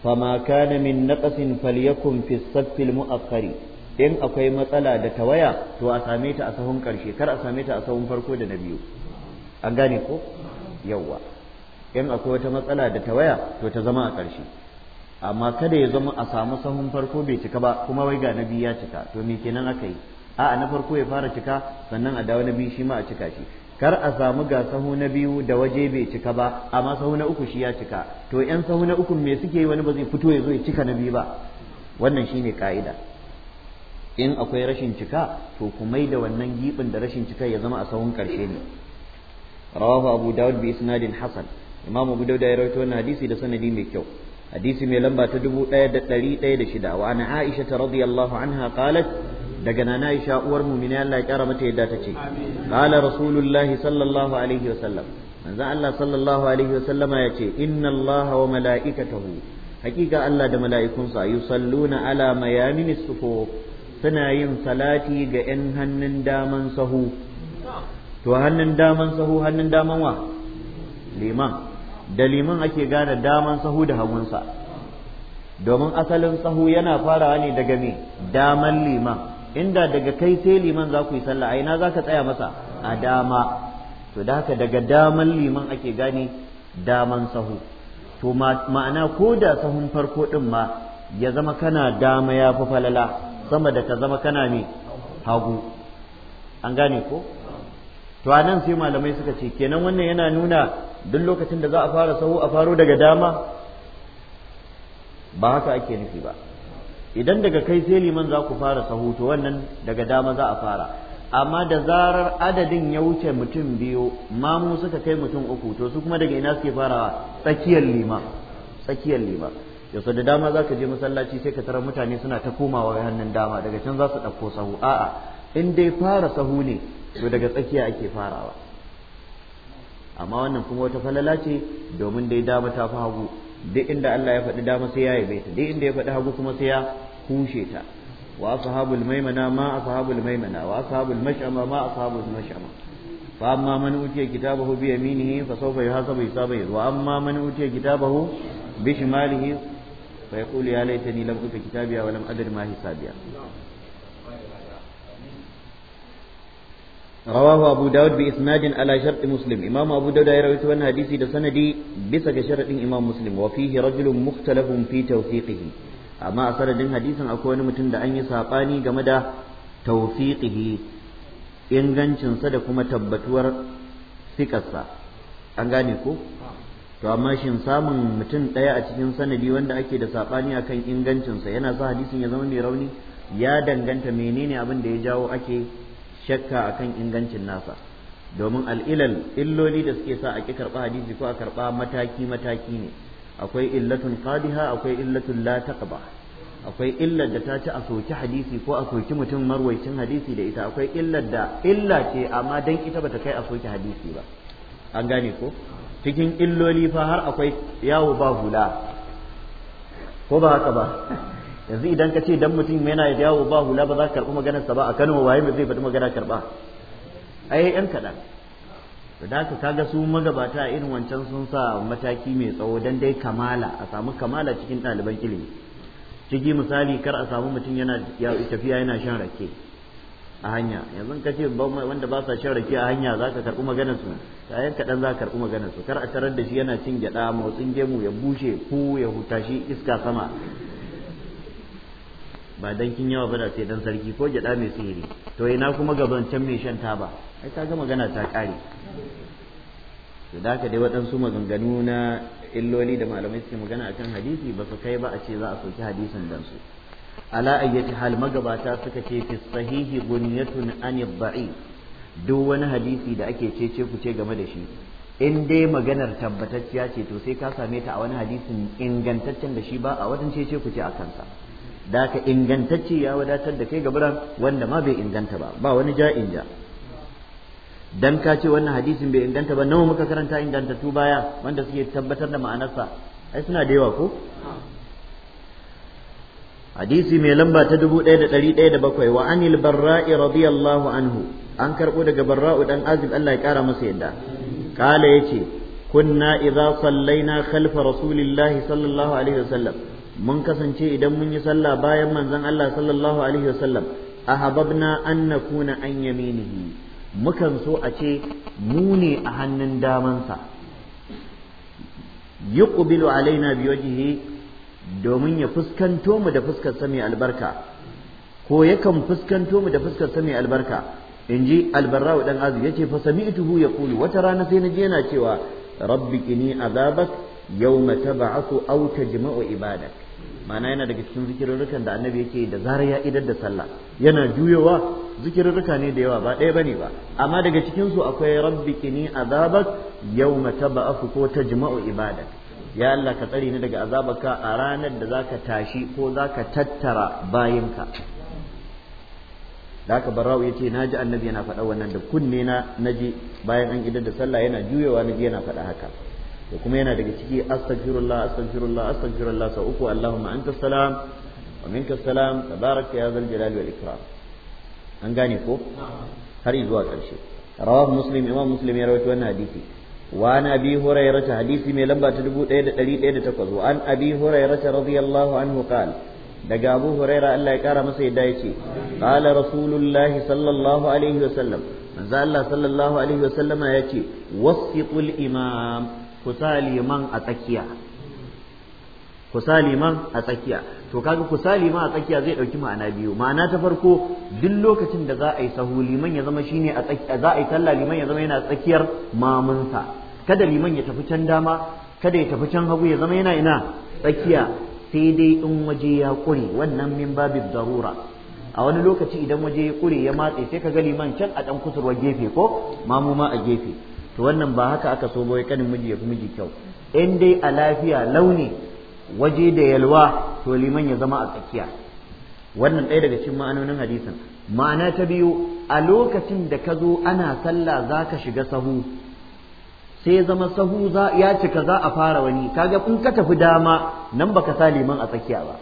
fama kana min naqasin falyakun fi saffil mu'akkari in akwai matsala da tawaya to a same ta a sahun karshe kar a same ta a sahun farko da na biyu an gane ko yawwa in akwai wata matsala da tawaya to ta zama a karshe amma kada ya zama a samu sahun farko bai cika ba kuma wai ga na biyu ya cika to me kenan aka yi a'a na farko ya fara cika sannan a dawo na biyu shi ma a cika shi kar a samu ga sahu na biyu da waje bai cika ba amma sahu na uku shi ya cika to yan sahu na uku me suke yi wani ba zai fito ya zo ya cika na biyu ba wannan shine ka'ida in akwai rashin cika to ku mai da wannan gibin da rashin cika ya zama a sahun karshe ne rawahu abu bi isnadin hasan imam abu dawud ya rawaito wannan hadisi da sanadi mai kyau hadisi mai lamba ta dubu ɗaya ɗaya da ɗari shida. wa ana aisha radiyallahu anha qalat daga nana Aisha uwar mu'mini Allah ya kyara mata yadda tace qala rasulullah sallallahu alaihi wasallam manzo Allah sallallahu alaihi wasallama yace inna Allah wa mala'ikatahu hakika Allah da mala'ikunsa yusalluna ala mayaminis sufu suna yin salati ga 'yan hannun daman sahu to hannun daman sahu hannun daman wa liman da liman ake gane daman sahu da hagunsa domin asalin sahu yana farawa ne daga me daman liman inda daga kai sai liman za ku yi sallah a ina za ka tsaya masa a dama to da haka daga daman liman ake gane daman sahu to ma'ana ko da sahun farko din ma ya zama kana dama ya fi falala sama da ka zama kana ne hagu an gane ko to a nan sai malamai suka ce kenan wannan yana nuna duk lokacin da za a fara sahu a faro daga dama ba haka ake nufi ba idan daga kai sai liman za ku fara sahu to wannan daga dama za a fara amma da zarar adadin ya wuce mutum biyu mamu suka kai mutum uku to su kuma daga ina suke farawa tsakiyar lima tsakiyar lima yaso da dama za ka je masallaci sai ka tarar mutane suna ta komawa hannun dama daga can za su ɗauko sahu a'a in dai fara sahu ne to daga tsakiya ake farawa amma wannan kuma wata falala ce domin dai dama ta fi hagu duk inda Allah ya faɗi dama sai ya yabe ta duk inda ya faɗi hagu kuma sai ya kushe ta wa ashabul maimana ma ashabul maimana wa ashabul mash'ama ma ashabul mash'ama fa amma man utiya kitabahu bi yaminihi fa sawfa yuhasabu hisaban wa amma man utiya kitabahu bi shimalihi fa yaqulu ya laitani lam uta kitabiya wa lam adri ma hisabiya rawahu abu dawud bi isnadin ala shart muslim imam abu dawud ya rawaito wannan hadisi da sanadi bisa ga sharadin imam muslim wa fihi rajulun mukhtalafun fi tawfiqihi amma a sanadin hadisin wani mutum da an yi sabani game da tawfiqihi ingancinsa da kuma tabbatuwar sikarsa an gane ko to amma shin samun mutum ɗaya a cikin sanadi wanda ake da saɓani akan ingancinsa yana sa hadisin ya zama mai rauni ya danganta menene abin da ya jawo ake shakka akan ingancin nasa domin al'ilal illoli da suke sa a ki karɓa hadisi ko a karɓa mataki mataki ne akwai illatun qadiha akwai illatun la taqba akwai illar da ta ci a soki hadisi ko a soki mutum marwaicin hadisi da ita akwai illar da illa ce amma dan ita bata kai a soki hadisi ba an gane ko cikin illoli fa har akwai yawo ba hula ko ba haka ba yanzu idan ka ce dan mutum yana da yawo ba hula ba za ka karɓi maganarsa ba a Kano waye mai zai faɗi magana karɓa ai yan kaɗan to da haka kaga su magabata irin wancan sun sa mataki mai tsawo dan dai kamala a samu kamala cikin ɗaliban ilimi ciki misali kar a samu mutum yana tafiya yana shan rake a hanya yanzu ka ce wanda ba sa shan rake a hanya za ka karɓi maganarsu ta yan kaɗan za ka karɓi maganarsu kar a tarar da shi yana cin gyaɗa motsin gemu ya bushe ko ya huta shi iska sama ba dan kin yawa ba da sai dan sarki ko gyada mai sihiri to ina kuma gaban can mai shan taba ai ga magana ta kare to da ka dai waɗansu maganganu na illoli da malamai suke magana akan hadisi ba su kai ba a ce za a soki hadisin dan su ala ayyati hal magabata suka ce fi sahihi bunyatun anid da'if duk wani hadisi da ake cece ku ce game da shi in dai maganar tabbatacciya ce to sai ka same ta a wani hadisin ingantaccen da shi ba a wajen cece ku ce a kansa da ka ingantacce ya wadatar da kai ga biran wanda ma bai inganta ba ba wani ja'in ja dan ka ce wannan hadisin bai inganta ba nawa muka karanta ingantattu baya wanda suke tabbatar da ma'anarsa ai suna da yawa ko hadisi mai lamba ta dubu ɗaya da ɗari ɗaya da bakwai wa anil barra'i radiyallahu anhu an karɓo daga barra'u dan azib Allah ya kara masa yadda kala yace kunna idza sallaina khalfa rasulillahi sallallahu alaihi wasallam mun kasance idan mun yi sallah bayan manzon Allah sallallahu alaihi wasallam ahabbna an nakuna an yaminihi mukan so a ce mu ne a hannun damansa yuqbilu alaina biwajhihi domin ya fuskanto mu da fuskar sa mai albarka ko yakan fuskanto mu da fuskar sa mai albarka in ji albarra'u dan azu yace fa sami'tuhu yaqulu wata rana sai naji yana cewa rabbi qini azabak yawma tab'athu aw tajma'u ibadak ma'ana yana daga cikin zikirarrukan da annabi yake da zarar ya idar da sallah yana juyowa zikirarruka ne da yawa ba ɗaya bane ba amma daga cikin su akwai rabbi kini azabak yawma tab'afu ko tajma'u ibadak ya Allah ka tsare ni daga azabaka a ranar da zaka tashi ko zaka tattara bayinka da haka barau yace naji annabi yana faɗa wannan da kunne na naji bayan an idar da sallah yana juyowa naji yana faɗa haka da kuma yana daga ciki astaghfirullah astaghfirullah astaghfirullah sau uku allahumma anta salam wa minka salam tabaraka ya zal jalali wal ikram an gane ko har zuwa ƙarshe rawahu muslim imam muslim ya rawaito wannan hadisi wa an abi hurairata hadisi mai lamba ta 1108 wa an abi hurairata radiyallahu anhu qala daga abu huraira Allah ya kara masa yadda ya ce qala rasulullahi sallallahu alaihi wasallam manzo Allah sallallahu alaihi wasallama ya ce wasiqul imam Kusa liman a tsakiya to kaga ku liman a tsakiya zai dauki ma'ana biyu ma'ana ta farko duk lokacin da za a yi sahu liman ya zama shine a tsakiya za a yi sallah liman ya zama yana tsakiyar mamunsa kada liman ya tafi can dama kada ya tafi can hagu ya zama yana ina tsakiya sai dai in waje ya kure wannan min babin darura a wani lokaci idan waje ya kure ya matse sai ka ga liman can a dan kusurwa gefe ko mamu a gefe to wannan ba haka aka so ba kanin miji ya fi miji kyau in dai a lafiya launi waje da yalwa to liman ya zama a tsakiya wannan ɗaya daga cikin ma'anonin hadisin ma'ana ta biyu a lokacin da ka zo ana sallah za ka shiga sahu sai zama sahu ya cika za a fara wani kaga in ka tafi dama nan baka sa liman a tsakiya ba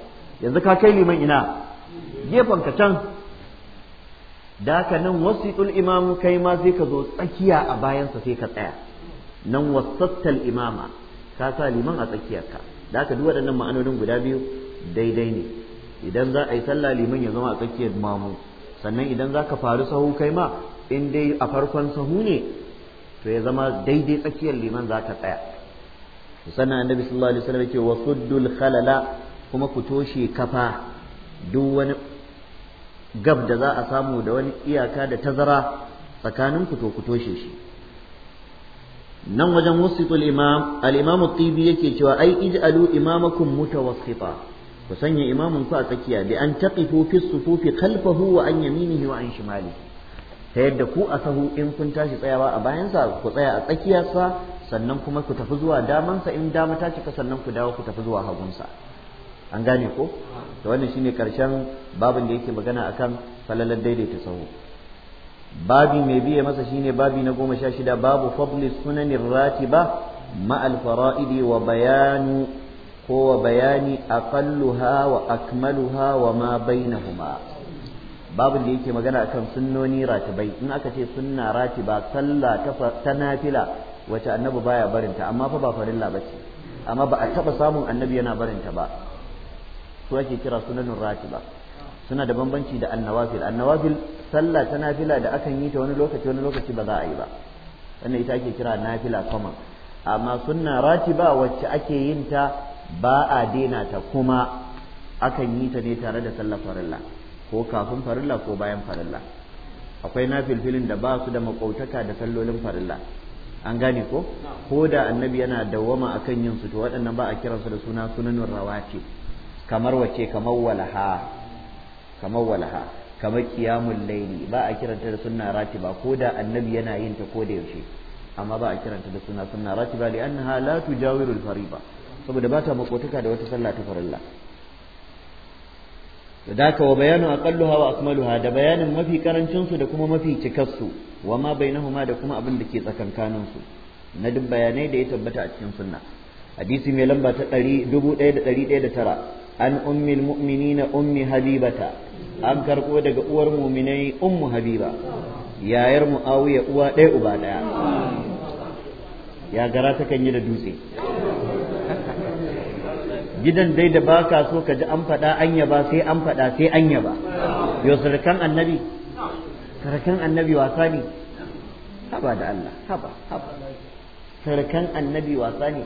yanzu ka kai liman ina gefen ka can da haka nan wasitul imam kai ma sai ka zo tsakiya a bayansa sai ka tsaya nan wasattal imama ka sa liman a tsakiyarka da haka duk waɗannan ma'anonin guda biyu daidai ne idan za a yi sallah liman ya zama a tsakiyar mamu sannan idan za ka faru sahu kai ma in dai a farkon sahu ne to ya zama daidai tsakiyar liman za ka tsaya sannan annabi sallallahu alaihi wasallam yake wasuddul khalala kuma ku toshe kafa duk wani gab da za a samu da wani iyaka da tazara tsakanin ku to ku toshe shi nan wajen wasitul imam al-imam at-tibi yake cewa ai ij'alu imamakum mutawassita ku sanya imamin ku a tsakiya bi an taqifu fi sufufi khalfahu wa an yaminihi wa an shimalihi ta yadda ku a sahu in kun tashi tsayawa a bayansa ku tsaya a tsakiyarsa sannan kuma ku tafi zuwa damansa in dama ta cika sannan ku dawo ku tafi zuwa hagunsa an gane ko to wannan shine karshen babin da yake magana akan falalar daidaita sahu babi mai biye masa shine babi na goma sha shida babu fadli sunanin ratiba ma alfara'idi wa bayani ko wa bayani aqalluha wa akmaluha wa ma bainahuma babin da yake magana akan sunnoni ratibai in aka ce sunna ratiba sallah ta nafila wacce annabi baya barinta amma fa ba farilla bace amma ba a taba samun annabi yana barinta ba su ake kira sunanin ratiba suna da bambanci da annawafil annawafil sallah ta nafila da akan yi ta wani lokaci wani lokaci ba za a yi ba wannan ita ake kira nafila common amma sunna ratiba wacce ake yin ta ba a daina ta kuma akan yi ta ne tare da sallah farilla ko kafin farilla ko bayan farilla akwai nafilfilin da ba su da makautaka da sallolin farilla an gane ko ko da annabi yana dawwama akan yin su to waɗannan ba a kiransu da suna sunanin rawatib kamar wace kamar walaha kamar walaha kamar qiyamul layli ba a kiranta da sunna ratiba ko da annabi yana yin ta ko da yaushe amma ba a kiranta da sunna sunna ratiba li'annaha la tujawiru al-fariba saboda ba ta makotaka da wata sallah ta farilla sadaka wa bayanu aqalluha wa akmaluha da bayanin mafi karancin su da kuma mafi cikarsu wa ma bainahuma da kuma abin da ke tsakankanin su na duk bayanai da ya tabbata a cikin sunna hadisi mai lamba ta 1109 an ummi mu'minina ummi habibata an karko daga uwar mu'minai ummu habiba yayar mu'awiya uwa ɗaya uba ɗaya ya gara ta kan yi da dutse gidan dai da baka so ka ji an faɗa an yaba sai an faɗa sai an yaba yau sarkan annabi sarkan annabi wasa ne haba da Allah haba haba sarkan annabi wasa ne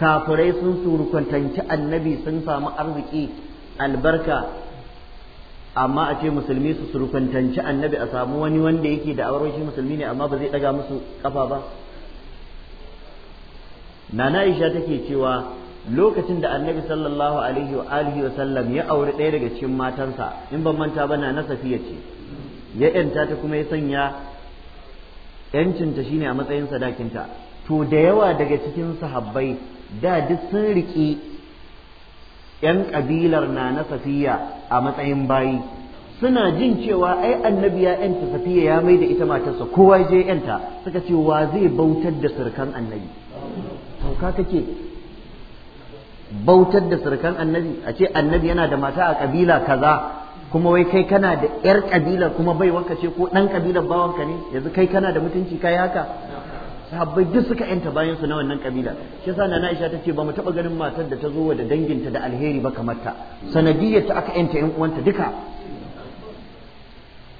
kafirai sun surukwantanci annabi sun samu arziki albarka amma a ce musulmi su surukwantanci annabi a samu wani wanda yake da aure shi musulmi ne amma ba zai daga musu kafa ba nana isha take cewa lokacin da annabi sallallahu alaihi wa alihi wa sallam ya auri ɗaya daga cikin matansa in ban manta ba na safiya ce ya yanta ta kuma ya sanya yancinta shine a matsayin sadakinta to da yawa daga cikin sahabbai da duk sun riƙi 'yan ƙabilar na na safiya a matsayin bayi suna jin cewa ai annabi ya yanta safiya ya mai da ita matarsa kowa je yanta suka ce wa zai bautar da sirkan annabi sauka kake bautar da sirkan annabi a ce annabi yana da mata a kabila kaza kuma wai kai kana da yar kabila kuma bai wanka ce ko ɗan kabilar bawanka ne yanzu kai kana da mutunci kai haka sahabbai duk suka yanta bayan su na wannan kabila shi yasa nana Aisha tace ba mu taba ganin matar da ta zo da danginta da alheri ba kamar ta sanadiyar ta aka yanta ƴan uwanta duka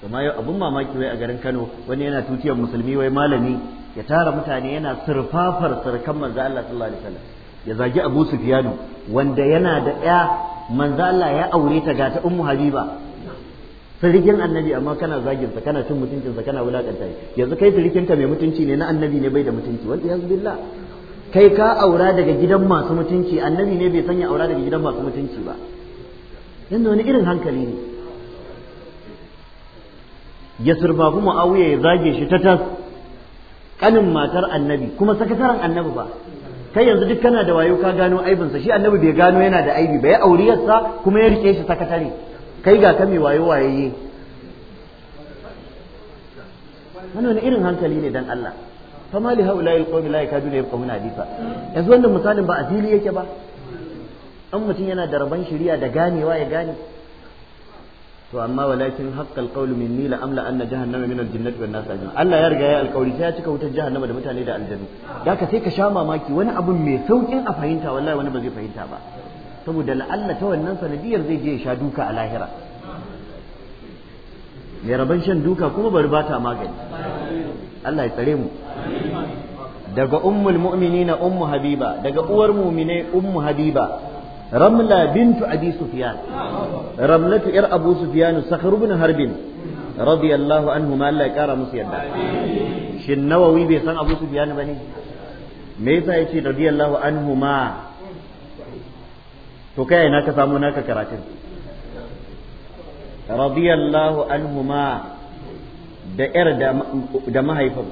kuma yau abun mamaki wai a garin Kano wani yana tutiyar musulmi wai malami ya tara mutane yana surfafar surkan manzo Allah sallallahu alaihi wasallam ya zagi Abu Sufyanu wanda yana da ya manzo Allah ya aure ta ga ta Ummu Habiba firgin annabi amma kana zaginsa kana cin mutuncinsa kana wulakanta shi yanzu kai ka mai mutunci ne na annabi ne bai da mutunci wal iyaz billah kai ka aura daga gidan masu mutunci annabi ne bai sanya aura daga gidan masu mutunci ba yanzu wani irin hankali ne ya surfafi mu'awiya ya zage shi ta tas kanin matar annabi kuma sakataren annabi ba kai yanzu duk kana da wayo ka gano aibinsa shi annabi bai gano yana da aibi ba ya auriyarsa kuma ya rike shi sakatare kai ga ka mai waye waye wannan irin hankali ne dan Allah fama li haula alqawmi la yakaduna yafqahuna hadisa yanzu wannan misalin ba a fili yake ba an mutum yana da rabon shari'a da ganewa ya gane to amma walakin haqqal qawlu minni la amla anna jahannama min aljinnati wan nas ajma'in Allah ya riga ya alƙawari sai ya cika wutar jahannama da mutane da aljannu da ka sai ka sha mamaki wani abun mai saukin a fahimta wallahi wani ba zai fahimta ba saboda la'alla ta wannan sanadiyar zai je ya sha duka a lahira mai rabon shan duka kuma bari ba ta magani Allah ya tsare mu daga ummul mu'minina ummu habiba daga uwar muminai ummu habiba ramla bintu abi sufyan ramlatu ir abu sufyan sakhr ibn harbin radiyallahu anhu ma Allah ya kara musu yadda shin nawawi bai san abu sufyan bane me yasa yace radiyallahu anhu ma to kai ina ka samu naka karatun radiyallahu anhuma da yar da mahaifin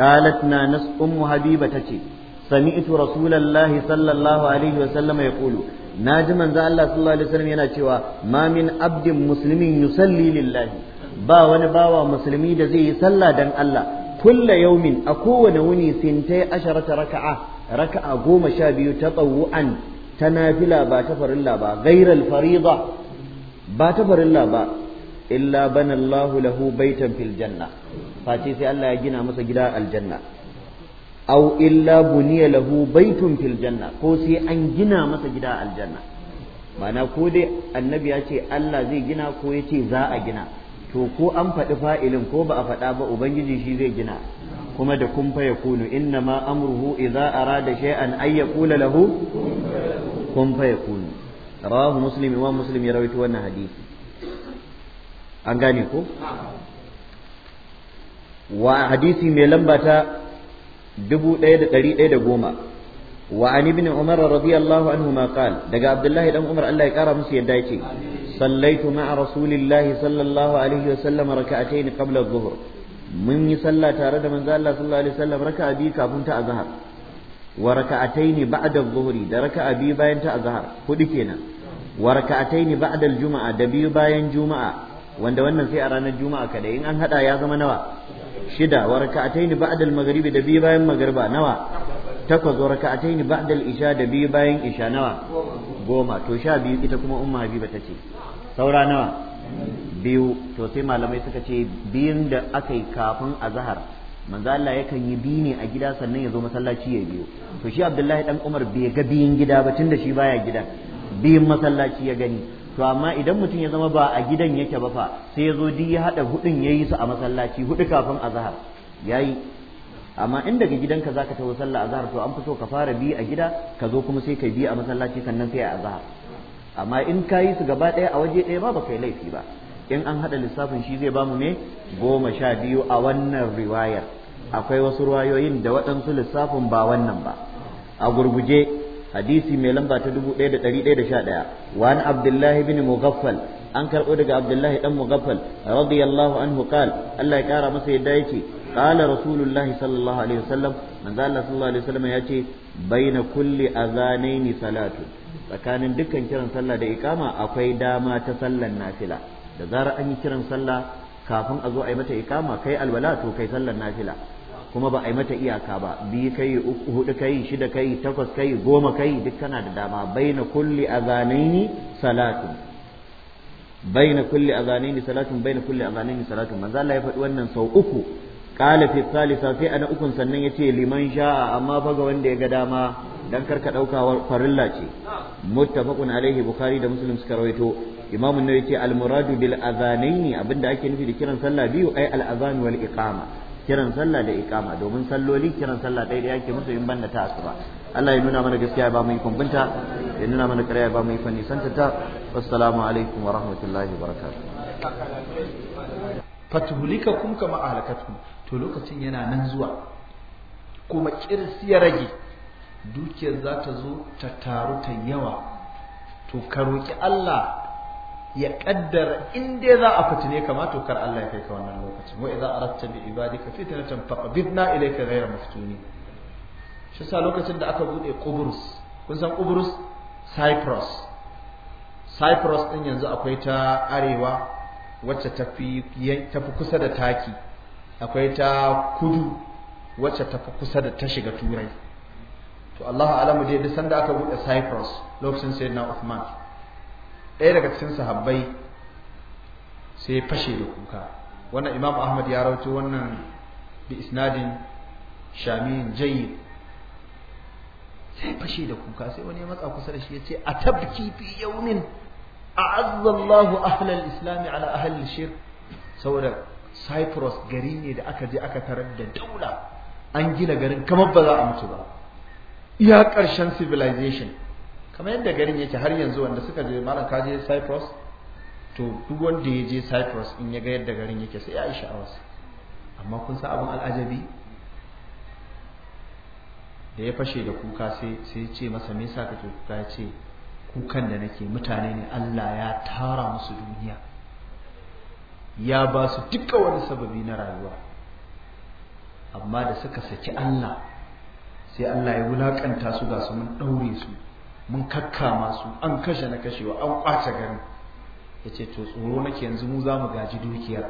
قالت نانس أم حبيبة تشي سمعت رسول الله صلى الله عليه وسلم يقول ناجم من الله صلى الله عليه وسلم يناتشوا ما من عبد مسلم يصلي لله ba wani bawa musulmi da zai yi sallah dan Allah kulla yaumin a kowane wuni sintai asharata raka'a goma sha biyu ta tsawu'an ta nafila ba ta farilla ba ghairal fariḍa ba ta farilla ba illa banallahu lahu baitan fil janna face sai Allah ya gina masa gida aljanna aw illa buniya lahu baitun fil janna ko sai an gina masa gida aljanna mana ko dai annabi ya ce Allah zai gina ko ya ce za a gina to ko an faɗi fa'ilin ko ba a faɗa ba ubangiji shi zai gina kuma da kun fa yakunu inna ma amruhu idza arada shay'an ay yaqula lahu kun fa yakunu rawahu muslim imam muslim ya rawaito wannan hadisi an gane ko wa hadisi mai lamba ta da wa an ibn umar radiyallahu anhu ma qala daga Abdullahi dan umar Allah ya kara musu yadda yake sallaitu ma'a rasulillah sallallahu alaihi wa sallam raka'atayn qabla adh mun yi sallah tare da manzo Allah sallallahu alaihi wa sallam raka'a bi kafin ta a azhar wa raka'atayn ba'da adh-dhuhri da raka'a biyu bayan ta azhar hudu kenan wa raka'atayn ba'da al-jum'a da biyu bayan juma'a wanda wannan sai a ranar juma'a kada in an hada ya zama nawa shida wa raka'atayn ba'da al maghrib da biyu bayan magriba nawa takwas wa raka'atayn ba'da al-isha da biyu bayan isha nawa goma to sha biyu ita kuma umma habiba tace saura nawa biyu to sai malamai suka ce biyun da aka yi kafin azhar manzo Allah yakan yi bi ne a gida sannan ya zo masallaci ya biyo to shi Abdullahi dan Umar bai ga biyin gida ba tunda shi baya gidan biyin masallaci ya gani to amma idan mutum ya zama ba a gidan yake ba fa sai ya zo duk ya hada hudun yayi su a masallaci hudu kafin azhar yayi amma in daga gidanka zaka tafi sallah azhar to an fi so ka fara bi a gida ka zo kuma sai ka bi a masallaci sannan sai a azhar amma in ka yi su gaba ɗaya a waje daya ba ba kai laifi ba in an haɗa lissafin shi zai bamu ne goma sha biyu a wannan riwayar akwai wasu ruwayoyin da waɗansu lissafin ba wannan ba a gurguje hadisi mai lamba ta dubu ɗaya ɗaya da da 1111 wa an abdullahi bin mughaffal an karɓo daga abdullahi dan mughaffal radiyallahu anhu qal Allah ya kara masa yadda yake qala rasulullahi sallallahu alaihi wasallam manzo Allah sallallahu alaihi wasallam ya ce baina kulli azanaini salatu tsakanin dukkan kiran sallah da ikama akwai dama ta sallan nafila da zarar an yi kiran sallah kafin a zo a yi mata ikama kai alwala to kai sallar nafila kuma ba a yi mata iyaka ba biyu kai uku hudu kai shida kai takwas kai goma kai duk kana da dama baina kulli azanaini salatun baina kulli azanaini salatun baina kulli azanaini salatun manzo Allah ya faɗi wannan sau uku qala fi thalitha fi ana ukun sannan yace liman sha'a amma fa ga wanda ya ga dama dan karka dauka farilla ce muttafaqun alaihi bukhari da muslim suka rawaito imam an yake ce al-muradu bil adhanaini abinda ake nufi da kiran sallah biyu ai al-adhan wal iqama kiran sallah da iqama domin salloli kiran sallah ɗaya ɗaya yake musu in banda ta asuba Allah ya nuna mana gaskiya ya ba mu ikon binta ya nuna mana ƙarya ya ba mu ikon nisanta ta wassalamu alaikum wa rahmatullahi wa barakatuh fatuhlikakum kama ahlakatkum to lokacin yana nan zuwa kuma kirs ya rage dukiyar za ta zo ta taru ta yawa to ka roki Allah ya kaddara in za a fitine kama to kar Allah ya kai ka wannan lokacin wa idza aradta bi ibadika fitnatan faqbidna ilayka ghayra maftuni shi sa lokacin da aka bude Qubrus kun san Qubrus Cyprus Cyprus din yanzu akwai ta arewa wacce tafi tafi kusa da taki akwai ta kudu wacce tafi kusa da ta shiga turai to Allah alamu dai da sanda aka bude Cyprus lokacin sayyidina Uthman ɗaya daga cikin sahabbai sai fashe da kuka wannan imam ahmad ya rawaito wannan bi isnadin Shami jayyid sai fashe da kuka sai wani ya matsa kusa da shi ya ce a tabki fi yaumin a'azza Allahu ahlal islam ala ahli shirk saboda Cyprus gari ne da aka je aka tarar da daula an gina garin kamar ba za a mutu ba iya ƙarshen civilization kamar yadda garin yake har yanzu wanda suka je malam ka je Cyprus to duk wanda ya je Cyprus in ya ga yadda garin yake sai ya yi sha'awarsa amma kun sa abin al'ajabi da ya fashe da kuka sai sai ce masa me yasa kake kuka ya ce kukan da nake mutane ne Allah ya tara musu duniya ya ba su duka wani sababi na rayuwa amma da suka saki Allah sai Allah ya wulakanta su ga su mun daure su mun kakka masu an kashe na kashewa an kwace garin ya ce to tsoro nake yanzu mu za mu gaji dukiyar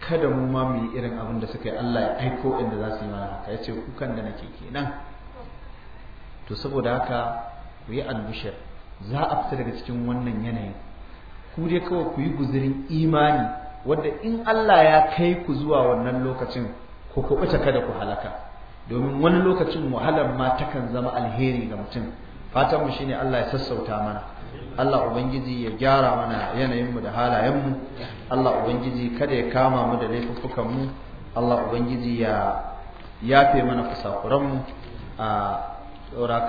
kada mu ma mu yi irin abin da suka yi Allah ya aiko inda za su yi mana haka ya ce kukan da nake kenan to saboda haka ku yi albishir za a fita daga cikin wannan yanayin ku dai kawai ku yi guzurin imani wadda in Allah ya kai ku zuwa wannan lokacin ku kuɓuta kada ku halaka domin wani lokacin wahalar ma takan zama alheri ga mutum fatan mu shine Allah ya sassauta mana Allah ubangiji ya gyara mana yanayin mu da halayen mu Allah ubangiji kada ya kama mu da laifuffukan mu Allah ubangiji ya yafe mana kusakuran mu a